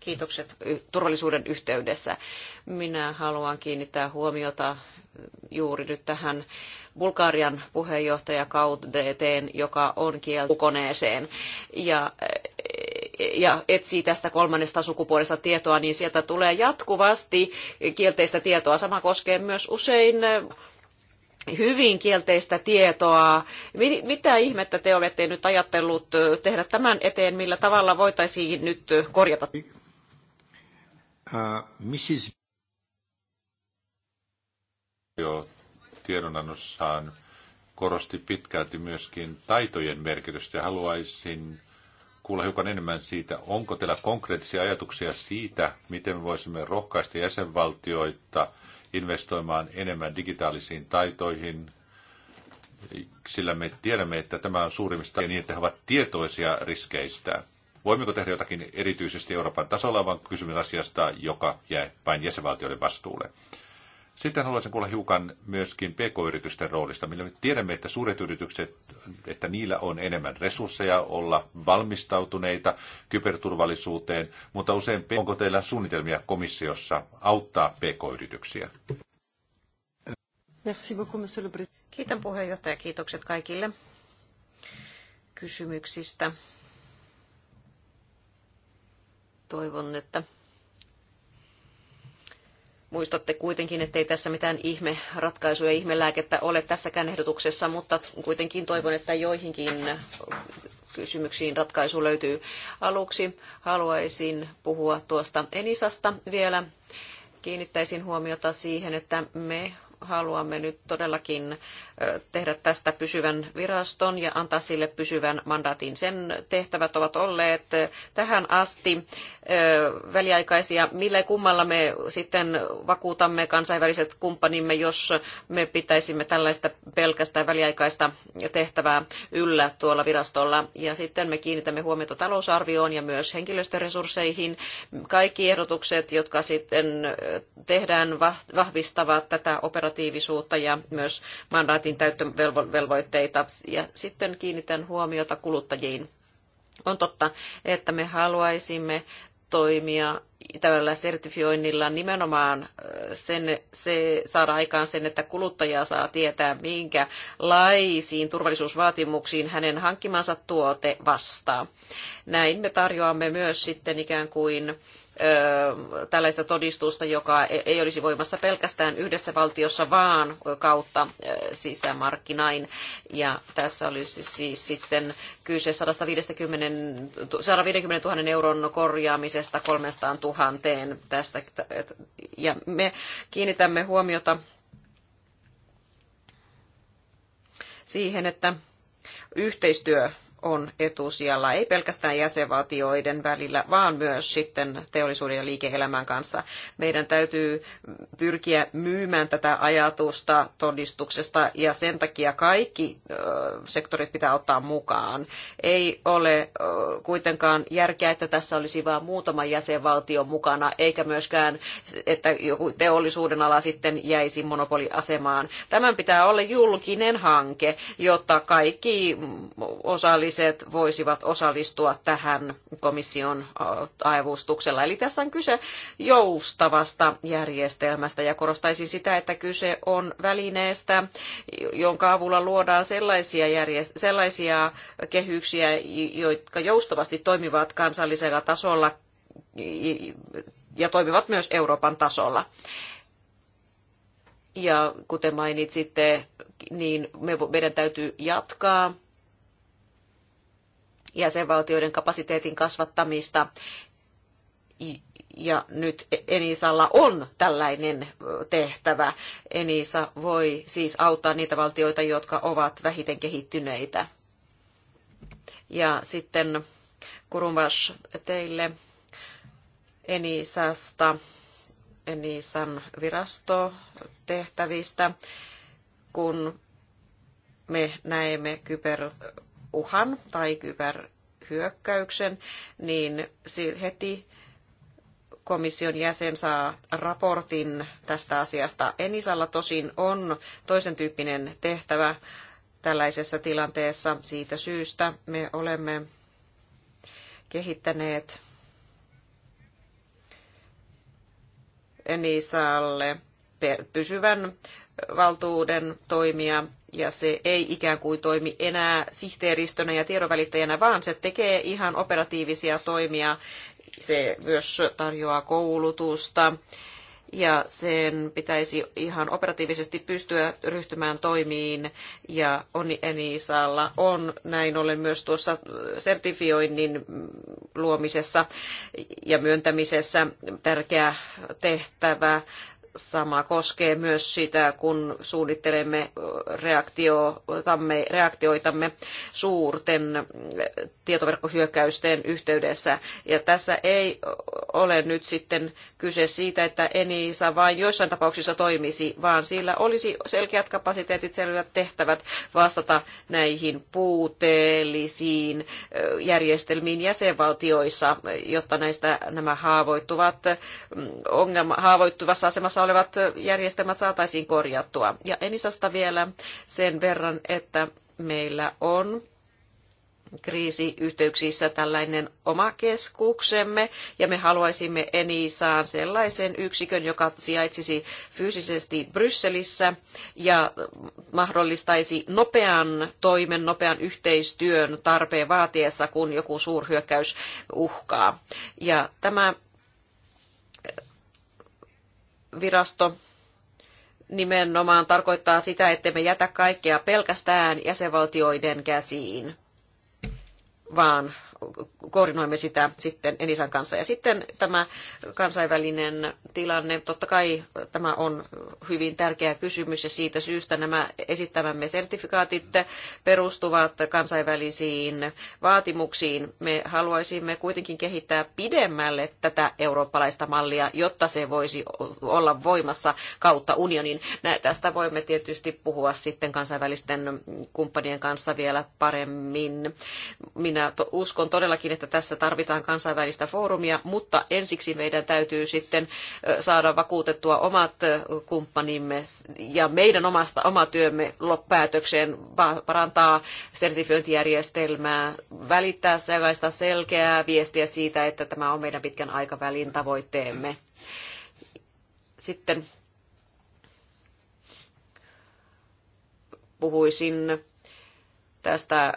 Kiitokset turvallisuuden yhteydessä. Minä haluan kiinnittää huomiota juuri nyt tähän Bulgarian puheenjohtajakauteen, joka on kieltokoneeseen. Ja ja etsii tästä kolmannesta sukupuolesta tietoa, niin sieltä tulee jatkuvasti kielteistä tietoa. Sama koskee myös usein hyvin kielteistä tietoa. Mitä ihmettä te olette nyt ajatellut tehdä tämän eteen, millä tavalla voitaisiin nyt korjata? Uh, Mrs. Jo tiedonannossaan korosti pitkälti myöskin taitojen merkitystä ja haluaisin kuulla hiukan enemmän siitä, onko teillä konkreettisia ajatuksia siitä, miten voisimme rohkaista jäsenvaltioita investoimaan enemmän digitaalisiin taitoihin, sillä me tiedämme, että tämä on suurimmista niin, että he ovat tietoisia riskeistä. Voimmeko tehdä jotakin erityisesti Euroopan tasolla, vaan kysymys asiasta, joka jää vain jäsenvaltioiden vastuulle? Sitten haluaisin kuulla hiukan myöskin pk-yritysten roolista. Me tiedämme, että suuret yritykset, että niillä on enemmän resursseja olla valmistautuneita kyberturvallisuuteen, mutta usein onko teillä suunnitelmia komissiossa auttaa pk-yrityksiä? Merci beaucoup, monsieur le président. Kiitän puheenjohtaja, kiitokset kaikille kysymyksistä. Toivon, että Muistatte kuitenkin, ettei tässä mitään ihme ratkaisuja, ihmelääkettä ole tässäkään ehdotuksessa, mutta kuitenkin toivon, että joihinkin kysymyksiin ratkaisu löytyy. Aluksi haluaisin puhua tuosta Enisasta vielä. Kiinnittäisin huomiota siihen, että me haluamme nyt todellakin tehdä tästä pysyvän viraston ja antaa sille pysyvän mandaatin. Sen tehtävät ovat olleet tähän asti väliaikaisia. Millä kummalla me sitten vakuutamme kansainväliset kumppanimme, jos me pitäisimme tällaista pelkästään väliaikaista tehtävää yllä tuolla virastolla. Ja sitten me kiinnitämme huomiota talousarvioon ja myös henkilöstöresursseihin. Kaikki ehdotukset, jotka sitten tehdään, vahvistavat tätä operatiivista operatiivisuutta ja myös mandaatin täyttövelvoitteita. Ja sitten kiinnitän huomiota kuluttajiin. On totta, että me haluaisimme toimia tällä sertifioinnilla nimenomaan sen, se saada aikaan sen, että kuluttaja saa tietää, minkälaisiin turvallisuusvaatimuksiin hänen hankkimansa tuote vastaa. Näin me tarjoamme myös sitten ikään kuin tällaista todistusta, joka e, ei olisi voimassa pelkästään yhdessä valtiossa, vaan kautta sisämarkkinain. Ja tässä olisi siis sitten kyse 150 000 euron korjaamisesta 300 000 tästä. Ja me kiinnitämme huomiota siihen, että yhteistyö on etusijalla, ei pelkästään jäsenvaltioiden välillä, vaan myös sitten teollisuuden ja liike-elämän kanssa. Meidän täytyy pyrkiä myymään tätä ajatusta todistuksesta ja sen takia kaikki sektorit pitää ottaa mukaan. Ei ole kuitenkaan järkeä, että tässä olisi vain muutama jäsenvaltio mukana, eikä myöskään, että joku teollisuuden ala sitten jäisi monopoliasemaan. Tämän pitää olla julkinen hanke, jotta kaikki osallistuvat kansalaiset voisivat osallistua tähän komission avustuksella. Eli tässä on kyse joustavasta järjestelmästä ja korostaisin sitä, että kyse on välineestä, jonka avulla luodaan sellaisia, järjest- sellaisia kehyksiä, jotka joustavasti toimivat kansallisella tasolla ja toimivat myös Euroopan tasolla. Ja kuten mainitsitte, niin meidän täytyy jatkaa jäsenvaltioiden kapasiteetin kasvattamista. Ja nyt Enisalla on tällainen tehtävä. Enisa voi siis auttaa niitä valtioita, jotka ovat vähiten kehittyneitä. Ja sitten Kurunvas teille Enisasta, Enisan virastotehtävistä, kun me näemme kyber uhan tai kyberhyökkäyksen, niin heti komission jäsen saa raportin tästä asiasta. Enisalla tosin on toisen tyyppinen tehtävä tällaisessa tilanteessa. Siitä syystä me olemme kehittäneet Enisalle pysyvän valtuuden toimia ja se ei ikään kuin toimi enää sihteeristönä ja tiedonvälittäjänä, vaan se tekee ihan operatiivisia toimia. Se myös tarjoaa koulutusta ja sen pitäisi ihan operatiivisesti pystyä ryhtymään toimiin ja Onni Enisaalla on näin ollen myös tuossa sertifioinnin luomisessa ja myöntämisessä tärkeä tehtävä Sama koskee myös sitä, kun suunnittelemme reaktioitamme, reaktioitamme suurten tietoverkkohyökkäysten yhteydessä. Ja tässä ei ole nyt sitten kyse siitä, että Enisa vain joissain tapauksissa toimisi, vaan sillä olisi selkeät kapasiteetit, selvät tehtävät vastata näihin puutteellisiin järjestelmiin jäsenvaltioissa, jotta näistä nämä haavoittuvat mm, ongelma, haavoittuvassa asemassa olevat järjestelmät saataisiin korjattua. Ja Enisasta vielä sen verran, että meillä on kriisiyhteyksissä tällainen oma keskuksemme ja me haluaisimme Enisaan sellaisen yksikön, joka sijaitsisi fyysisesti Brysselissä ja mahdollistaisi nopean toimen, nopean yhteistyön tarpeen vaatiessa, kun joku suurhyökkäys uhkaa. Ja tämä virasto nimenomaan tarkoittaa sitä, että me jätä kaikkea pelkästään jäsenvaltioiden käsiin, vaan koordinoimme sitä sitten Enisan kanssa. Ja sitten tämä kansainvälinen tilanne, totta kai tämä on hyvin tärkeä kysymys ja siitä syystä nämä esittämämme sertifikaatit perustuvat kansainvälisiin vaatimuksiin. Me haluaisimme kuitenkin kehittää pidemmälle tätä eurooppalaista mallia, jotta se voisi olla voimassa kautta unionin. Tästä voimme tietysti puhua sitten kansainvälisten kumppanien kanssa vielä paremmin. Minä uskon todellakin, että tässä tarvitaan kansainvälistä foorumia, mutta ensiksi meidän täytyy sitten saada vakuutettua omat kumppanimme ja meidän omasta, oma työmme päätökseen parantaa sertifiointijärjestelmää, välittää sellaista selkeää viestiä siitä, että tämä on meidän pitkän aikavälin tavoitteemme. Sitten puhuisin tästä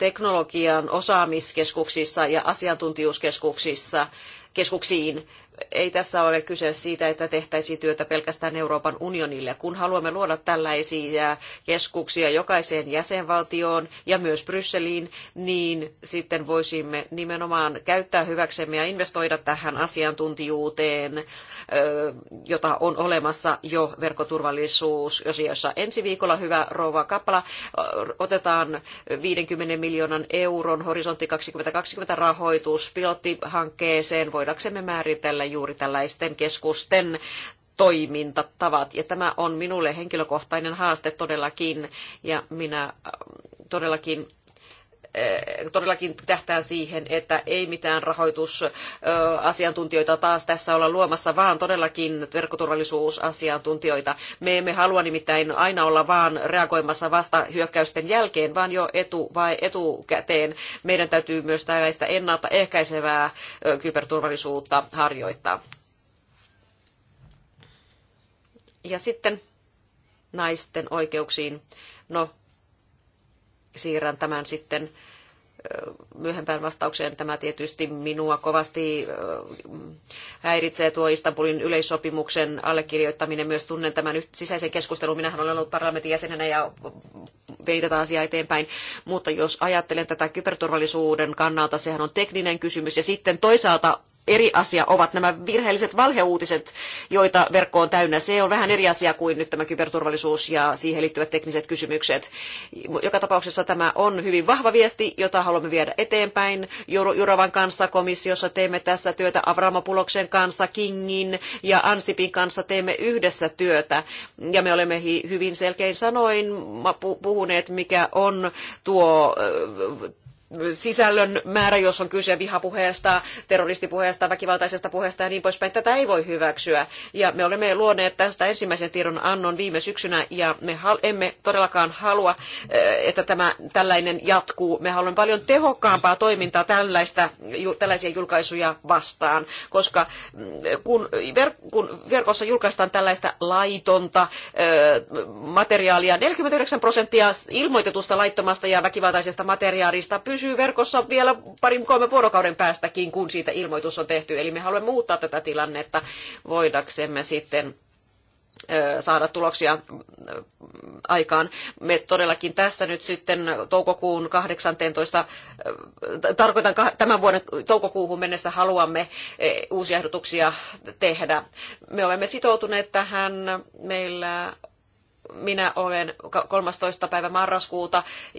teknologian osaamiskeskuksissa ja asiantuntijuuskeskuksissa keskuksiin ei tässä ole kyse siitä, että tehtäisiin työtä pelkästään Euroopan unionille. Kun haluamme luoda tällaisia keskuksia jokaiseen jäsenvaltioon ja myös Brysseliin, niin sitten voisimme nimenomaan käyttää hyväksemme ja investoida tähän asiantuntijuuteen, jota on olemassa jo verkkoturvallisuusosiossa. Ensi viikolla, hyvä rouva Kappala, otetaan 50 miljoonan euron horisontti 2020 rahoitus pilottihankkeeseen, voidaksemme määritellä juuri tällaisten keskusten toimintatavat. Ja tämä on minulle henkilökohtainen haaste todellakin, ja minä äh, todellakin Eh, todellakin tähtää siihen, että ei mitään rahoitusasiantuntijoita taas tässä olla luomassa, vaan todellakin verkkoturvallisuusasiantuntijoita. Me emme halua nimittäin aina olla vaan reagoimassa vasta hyökkäysten jälkeen, vaan jo etu vai etukäteen. Meidän täytyy myös tällaista ennaltaehkäisevää kyberturvallisuutta harjoittaa. Ja sitten naisten oikeuksiin. No, siirrän tämän sitten myöhempään vastaukseen. Tämä tietysti minua kovasti häiritsee tuo Istanbulin yleissopimuksen allekirjoittaminen. Myös tunnen tämän sisäisen keskustelun. Minähän olen ollut parlamentin jäsenenä ja vein tätä asiaa eteenpäin. Mutta jos ajattelen tätä kyberturvallisuuden kannalta, sehän on tekninen kysymys. Ja sitten toisaalta eri asia ovat nämä virheelliset valheuutiset, joita verkko on täynnä. Se on vähän eri asia kuin nyt tämä kyberturvallisuus ja siihen liittyvät tekniset kysymykset. Joka tapauksessa tämä on hyvin vahva viesti, jota haluamme viedä eteenpäin. Juravan kanssa komissiossa teemme tässä työtä Avramopoulosin kanssa, Kingin ja Ansipin kanssa teemme yhdessä työtä. Ja me olemme hyvin selkein sanoin puhuneet, mikä on tuo sisällön määrä, jos on kyse vihapuheesta, terroristipuheesta, väkivaltaisesta puheesta ja niin poispäin. Tätä ei voi hyväksyä. Ja me olemme luoneet tästä ensimmäisen tiedon annon viime syksynä ja me emme todellakaan halua, eh, että tämä tällainen jatkuu. Me haluamme paljon tehokkaampaa toimintaa tällaista, tällaisia julkaisuja vastaan, koska mm, kun, verkossa julkaistaan tällaista laitonta eh, materiaalia, 49 prosenttia ilmoitetusta laittomasta ja väkivaltaisesta materiaalista pysyy pysyy verkossa vielä parin kolmen vuorokauden päästäkin, kun siitä ilmoitus on tehty. Eli me haluamme muuttaa tätä tilannetta voidaksemme sitten saada tuloksia aikaan. Me todellakin tässä nyt sitten toukokuun 18, tarkoitan tämän vuoden toukokuuhun mennessä haluamme uusia ehdotuksia tehdä. Me olemme sitoutuneet tähän. Meillä minä olen 13. päivä marraskuuta